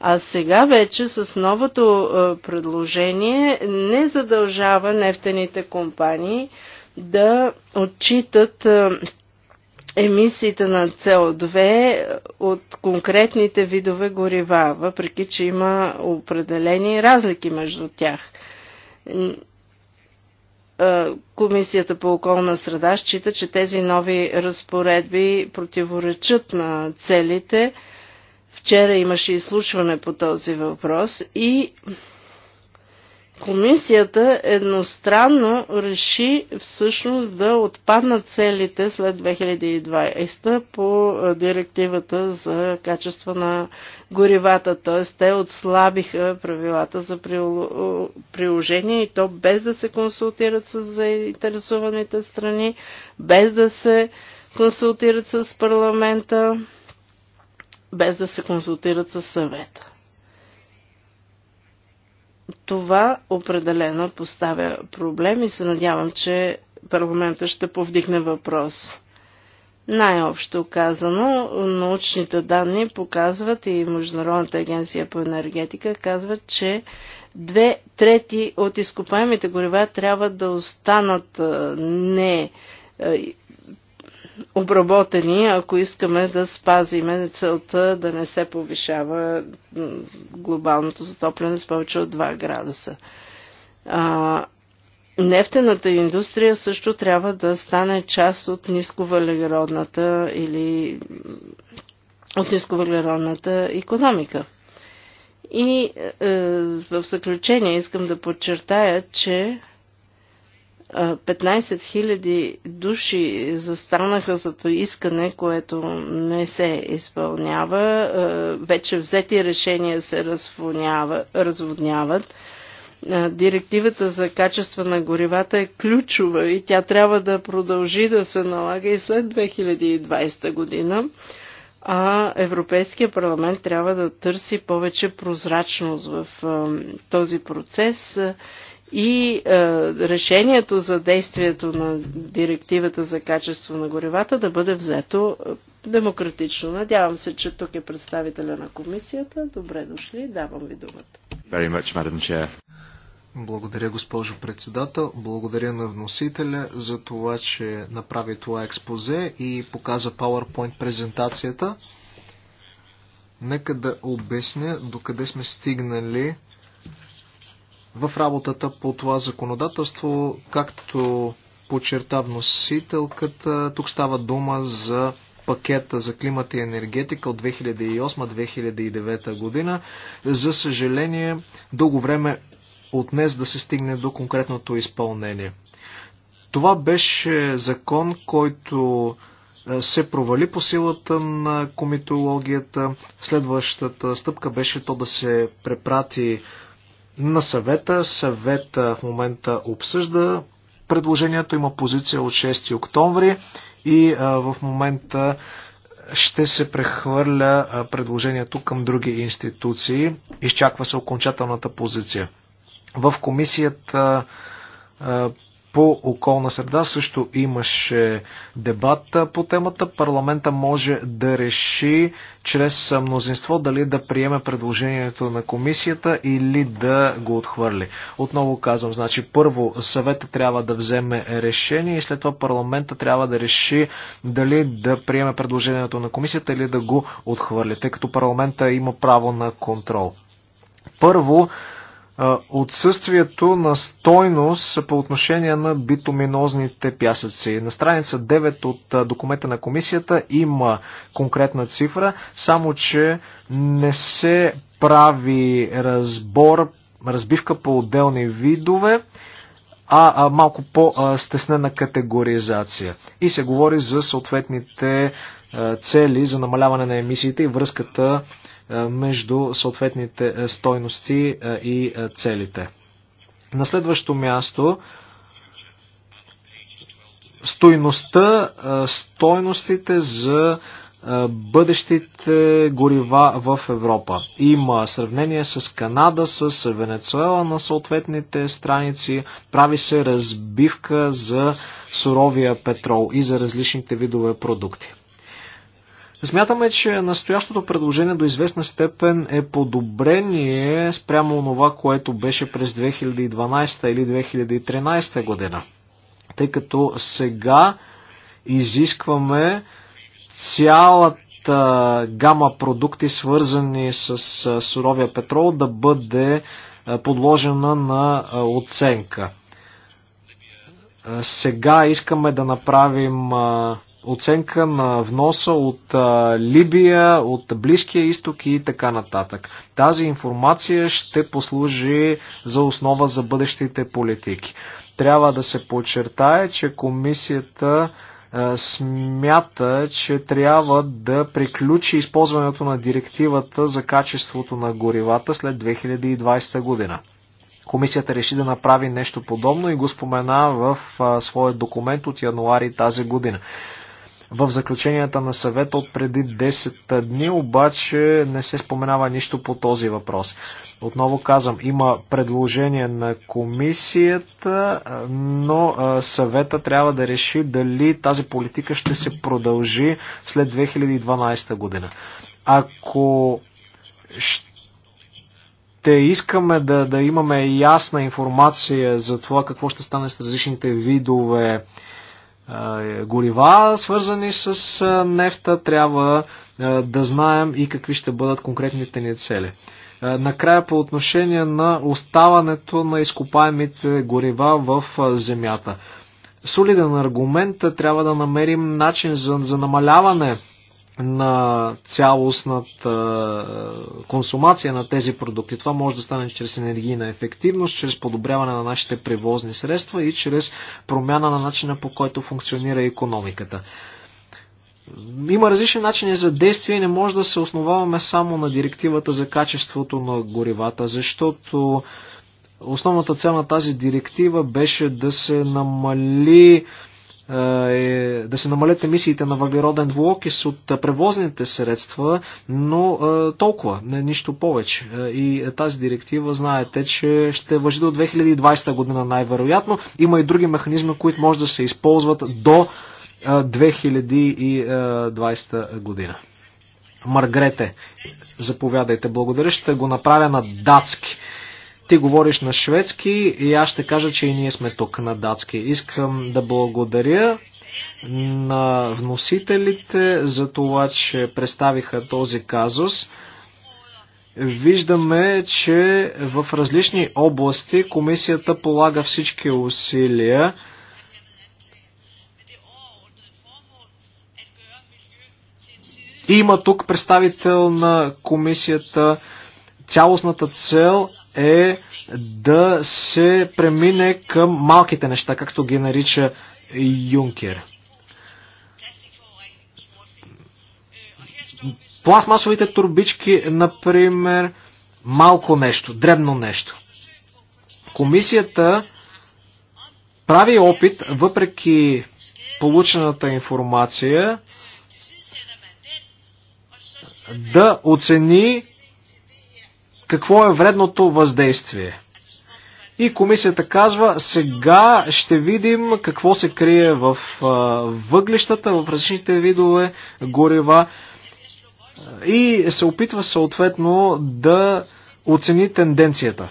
S1: А сега вече с новото е, предложение не задължава нефтените компании да отчитат е, емисиите на CO2 от конкретните видове горива, въпреки че има определени разлики между тях. Е, Комисията по околна среда счита, че тези нови разпоредби противоречат на целите, Вчера имаше изслушване по този въпрос и комисията едностранно реши всъщност да отпаднат целите след 2020 по директивата за качество на горивата, т.е. те отслабиха правилата за приложение и то без да се консултират с заинтересованите страни, без да се консултират с парламента без да се консултират със съвета. Това определено поставя проблем и се надявам, че парламента ще повдигне въпрос. Най-общо казано, научните данни показват и Международната агенция по енергетика казват, че две трети от изкопаемите горива трябва да останат не обработени, ако искаме да спазиме целта да не се повишава глобалното затопляне с повече от 2 градуса. А, нефтената индустрия също трябва да стане част от нисковалегородната или от нисковалегородната економика. И е, в заключение искам да подчертая, че 15 000 души застанаха за това искане, което не се изпълнява. Вече взети решения се разводняват. Директивата за качество на горивата е ключова и тя трябва да продължи да се налага и след 2020 година. А Европейския парламент трябва да търси повече прозрачност в този процес и е, решението за действието на директивата за качество на горевата да бъде взето е, демократично. Надявам се, че тук е представителя на комисията. Добре дошли, давам ви думата.
S2: Very much, Madam Chair. Благодаря, госпожо председател. Благодаря на вносителя за това, че направи това експозе и показа PowerPoint презентацията. Нека да обясня докъде сме стигнали в работата по това законодателство, както подчерта вносителката. Тук става дума за пакета за климата и енергетика от 2008-2009 година. За съжаление, дълго време отнес да се стигне до конкретното изпълнение. Това беше закон, който е, се провали по силата на комитологията. Следващата стъпка беше то да се препрати на съвета. Съвета в момента обсъжда предложението, има позиция от 6 октомври и в момента ще се прехвърля предложението към други институции. Изчаква се окончателната позиция. В комисията по околна среда също имаше дебат по темата. Парламента може да реши чрез мнозинство дали да приеме предложението на комисията или да го отхвърли. Отново казвам, значи първо съвета трябва да вземе решение и след това парламента трябва да реши дали да приеме предложението на комисията или да го отхвърли, тъй като парламента има право на контрол. Първо, отсъствието на стойност по отношение на битоминозните пясъци. На страница 9 от документа на комисията има конкретна цифра, само че не се прави разбор, разбивка по отделни видове, а малко по-стеснена категоризация. И се говори за съответните цели за намаляване на емисиите и връзката е, между съответните е, стойности е, и целите. На следващо място стойността, стойностите за бъдещите горива в Европа. Има сравнение с Канада, с Венецуела на съответните страници. Прави се разбивка за суровия петрол и за различните видове продукти. Смятаме, че настоящото предложение до известна степен е подобрение спрямо това, което беше през 2012 или 2013 година. Тъй като сега изискваме цялата гама продукти, свързани с суровия петрол, да бъде подложена на оценка. Сега искаме да направим оценка на вноса от Либия, от Близкия изток и така нататък. Тази информация ще послужи за основа за бъдещите политики. Трябва да се подчертае, че комисията смята, че трябва да приключи използването на директивата за качеството на горивата след 2020 година. Комисията реши да направи нещо подобно и го спомена в а, своя документ от януари тази година в заключенията на съвета от преди 10 дни, обаче не се споменава нищо по този въпрос. Отново казвам, има предложение на комисията, но съвета трябва да реши дали тази политика ще се продължи след 2012 година. Ако ще те искаме да, да имаме ясна информация за това какво ще стане с различните видове горива, свързани с нефта, трябва да знаем и какви ще бъдат конкретните ни цели. Накрая по отношение на оставането на изкопаемите горива в земята. Солиден аргумент трябва да намерим начин за, за намаляване на цялостната е, консумация на тези продукти. Това може да стане чрез енергийна ефективност, чрез подобряване на нашите превозни средства и чрез промяна на начина по който функционира економиката. Има различни начини за действие и не може да се основаваме само на директивата за качеството на горивата, защото основната цел на тази директива беше да се намали е да се намалят емисиите на въглероден двуокис от превозните средства, но толкова, не нищо повече. И тази директива, знаете, че ще въжи до 2020 година най-вероятно. Има и други механизми, които може да се използват до 2020 година. Маргрете, заповядайте. Благодаря, ще го направя на датски ти говориш на шведски и аз ще кажа, че и ние сме тук на датски. Искам да благодаря на вносителите за това, че представиха този казус. Виждаме, че в различни области комисията полага всички усилия. Има тук представител на комисията. Цялостната цел е да се премине към малките неща, както ги нарича Юнкер. Пластмасовите турбички, например, малко нещо, дребно нещо. Комисията прави опит, въпреки получената информация, да оцени какво е вредното въздействие. И комисията казва, сега ще видим какво се крие в въглищата, в различните видове горива и се опитва съответно да оцени тенденцията.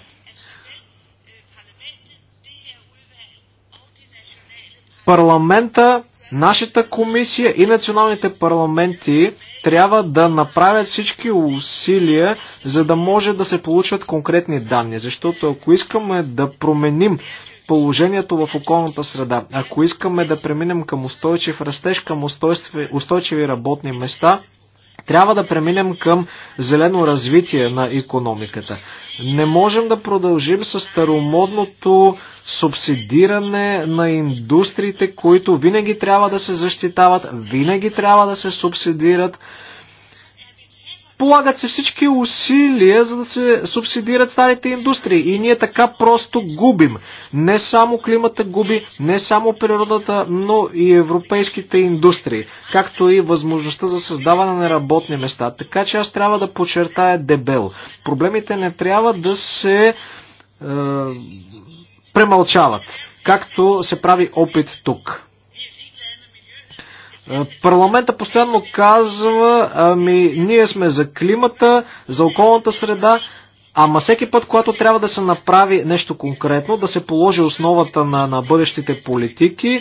S2: Парламента, нашата комисия и националните парламенти трябва да направят всички усилия, за да може да се получат конкретни данни. Защото ако искаме да променим положението в околната среда, ако искаме да преминем към устойчив растеж, към устойчиви, работни места, трябва да преминем към зелено развитие на економиката. Не можем да продължим с старомодното субсидиране на индустриите, които винаги трябва да се защитават, винаги трябва да се субсидират. Полагат се всички усилия, за да се субсидират старите индустрии. И ние така просто губим. Не само климата губи, не само природата, но и европейските индустрии, както и възможността за създаване на работни места. Така че аз трябва да подчертая дебел. Проблемите не трябва да се е, премълчават, както се прави опит тук. Е, парламента постоянно казва, ами ние сме за климата, за околната среда, Ама всеки път, когато трябва да се направи нещо конкретно, да се положи основата на, на бъдещите политики,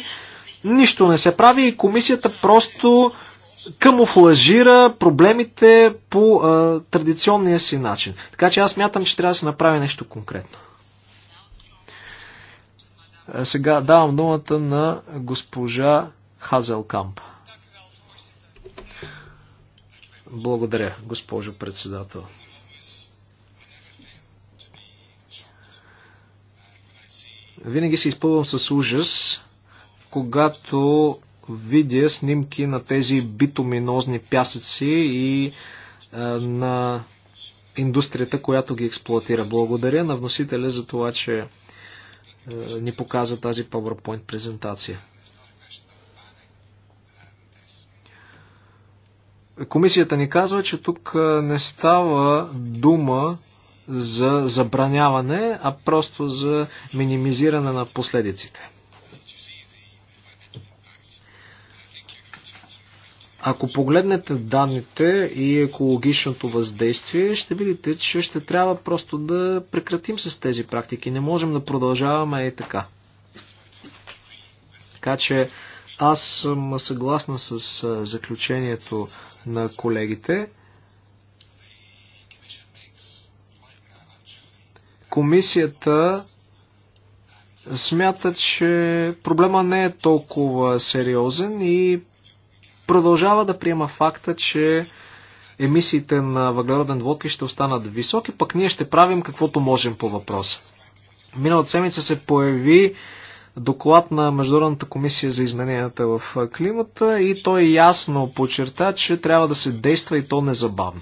S2: нищо не се прави и комисията просто камуфлажира проблемите по а, традиционния си начин. Така че аз мятам, че трябва да се направи нещо конкретно. Е, сега давам думата на госпожа Хазелкампа. Благодаря, госпожо председател. Винаги се изпълвам с ужас, когато видя снимки на тези битоминозни пясъци и а, на индустрията, която ги експлуатира. Благодаря на вносителя за това, че а, ни показа тази PowerPoint презентация. Комисията ни казва, че тук не става дума за забраняване, а просто за минимизиране на последиците. Ако погледнете данните и екологичното въздействие, ще видите, че ще трябва просто да прекратим с тези практики. Не можем да продължаваме и така. Така че аз съм съгласна с заключението на колегите. Комисията смята, че проблема не е толкова сериозен и продължава да приема факта, че емисиите на въглероден двуокис ще останат високи, пък ние ще правим каквото можем по въпроса. Миналата седмица се появи доклад на Международната комисия за измененията в климата и той ясно подчерта, че трябва да се действа и то незабавно.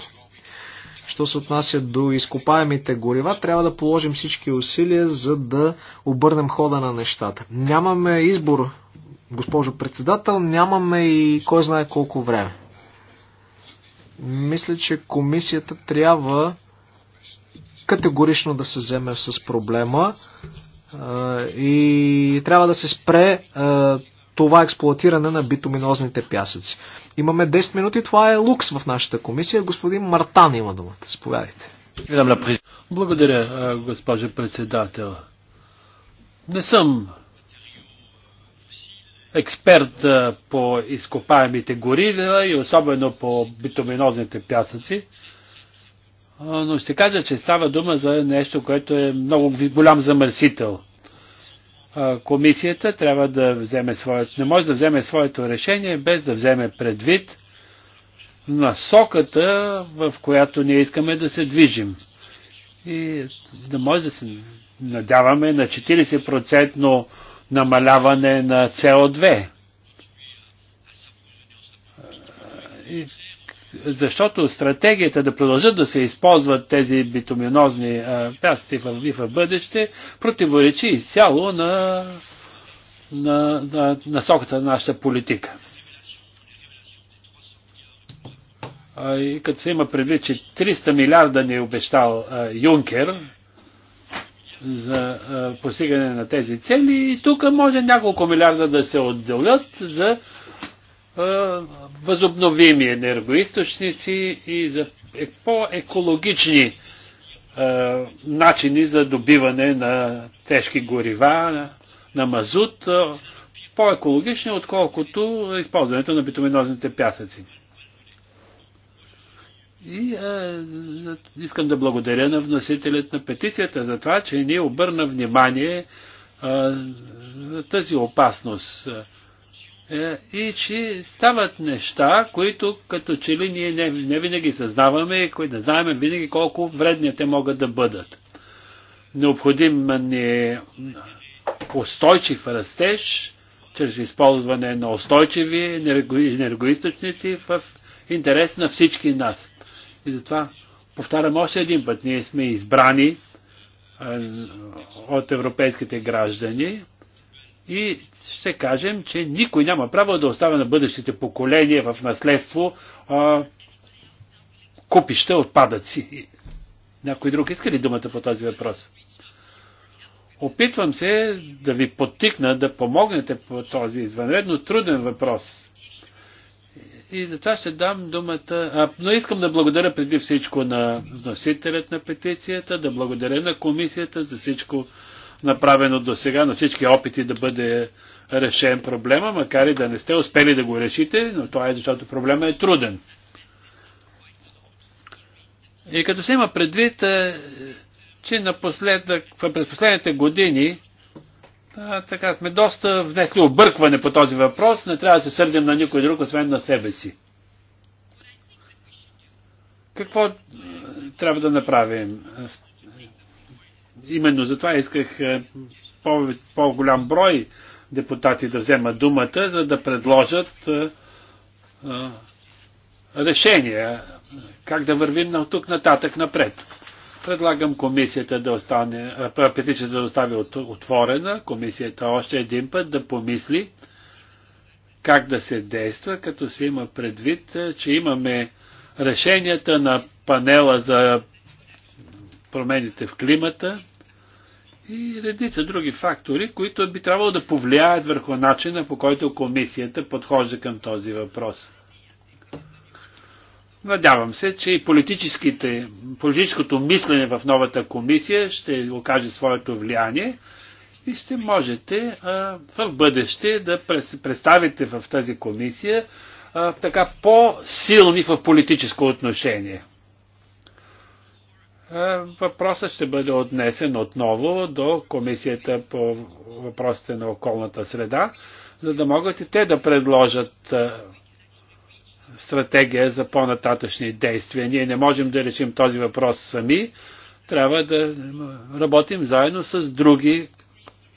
S2: Що се отнася до изкопаемите горива, трябва да положим всички усилия, за да обърнем хода на нещата. Нямаме избор, госпожо председател, нямаме и кой знае колко време. Мисля, че комисията трябва категорично да се вземе с проблема и трябва да се спре това експлуатиране на битуминозните пясъци. Имаме 10 минути, това е лукс в нашата комисия. Господин Мартан има думата. Заповядайте.
S3: Благодаря, госпожа председател. Не съм експерт по изкопаемите горива и особено по битуминозните пясъци но ще кажа, че става дума за нещо, което е много голям замърсител. Комисията трябва да вземе своето, не може да вземе своето решение без да вземе предвид насоката, в която ние искаме да се движим. И да може да се надяваме на 40% намаляване на CO2. И защото стратегията да продължат да се използват тези битуминозни пясъци в, в бъдеще противоречи изцяло на, на, на насоката на нашата политика. А, и като се има предвид, че 300 милиарда ни е обещал а, Юнкер за а, постигане на тези цели, и тук може няколко милиарда да се отделят за възобновими енергоисточници и за е, по-екологични начини за добиване на тежки горива, на, мазут, по-екологични, отколкото използването на битуминозните пясъци. И е, искам да благодаря на вносителят на петицията за това, че ни обърна внимание е, за тази опасност. Е, и че стават неща, които като че ли ние не, не винаги съзнаваме и които не знаем винаги колко вредни те могат да бъдат. Необходим ни е устойчив растеж чрез използване на устойчиви енергоисточници в интерес на всички нас. И затова повтарям още един път, ние сме избрани е, от европейските граждани и ще кажем, че никой няма право да оставя на бъдещите поколения в наследство а, купища отпадъци. Някой друг иска ли думата по този въпрос? Опитвам се да ви подтикна да помогнете по този извънредно труден въпрос. И затова ще дам думата. А, но искам да благодаря преди всичко на вносителят на петицията, да благодаря на комисията за всичко, направено до сега, на всички опити да бъде решен проблема, макар и да не сте успели да го решите, но това е защото проблема е труден. И като се има предвид, е, че напоследък, през последните години, а, така сме доста внесли объркване по този въпрос, не трябва да се сърдим на никой друг, освен на себе си. Какво е, трябва да направим? именно затова исках е, по-голям по брой депутати да вземат думата, за да предложат е, е, решения как да вървим на тук нататък напред. Предлагам комисията да остане, петицията да остави отворена, комисията още един път да помисли как да се действа, като се има предвид, че имаме решенията на панела за промените в климата, и редица други фактори, които би трябвало да повлияят върху начина по който комисията подхожда към този въпрос. Надявам се, че и политическото мислене в новата комисия ще окаже своето влияние и ще можете а, в бъдеще да представите в тази комисия а, така по-силни в политическо отношение. Е, въпросът ще бъде отнесен отново до Комисията по въпросите на околната среда, за да могат и те да предложат е, стратегия за по-нататъчни действия. Ние не можем да решим този въпрос сами. Трябва да работим заедно с други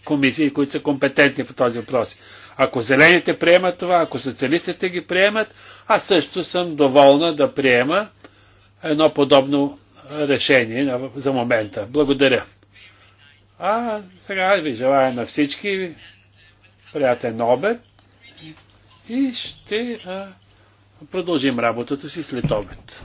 S3: комисии, които са компетентни по този въпрос. Ако зелените приемат това, ако социалистите ги приемат, аз също съм доволна да приема едно подобно решение за момента. Благодаря. А сега ви желая на всички приятен обед и ще продължим работата си след обед.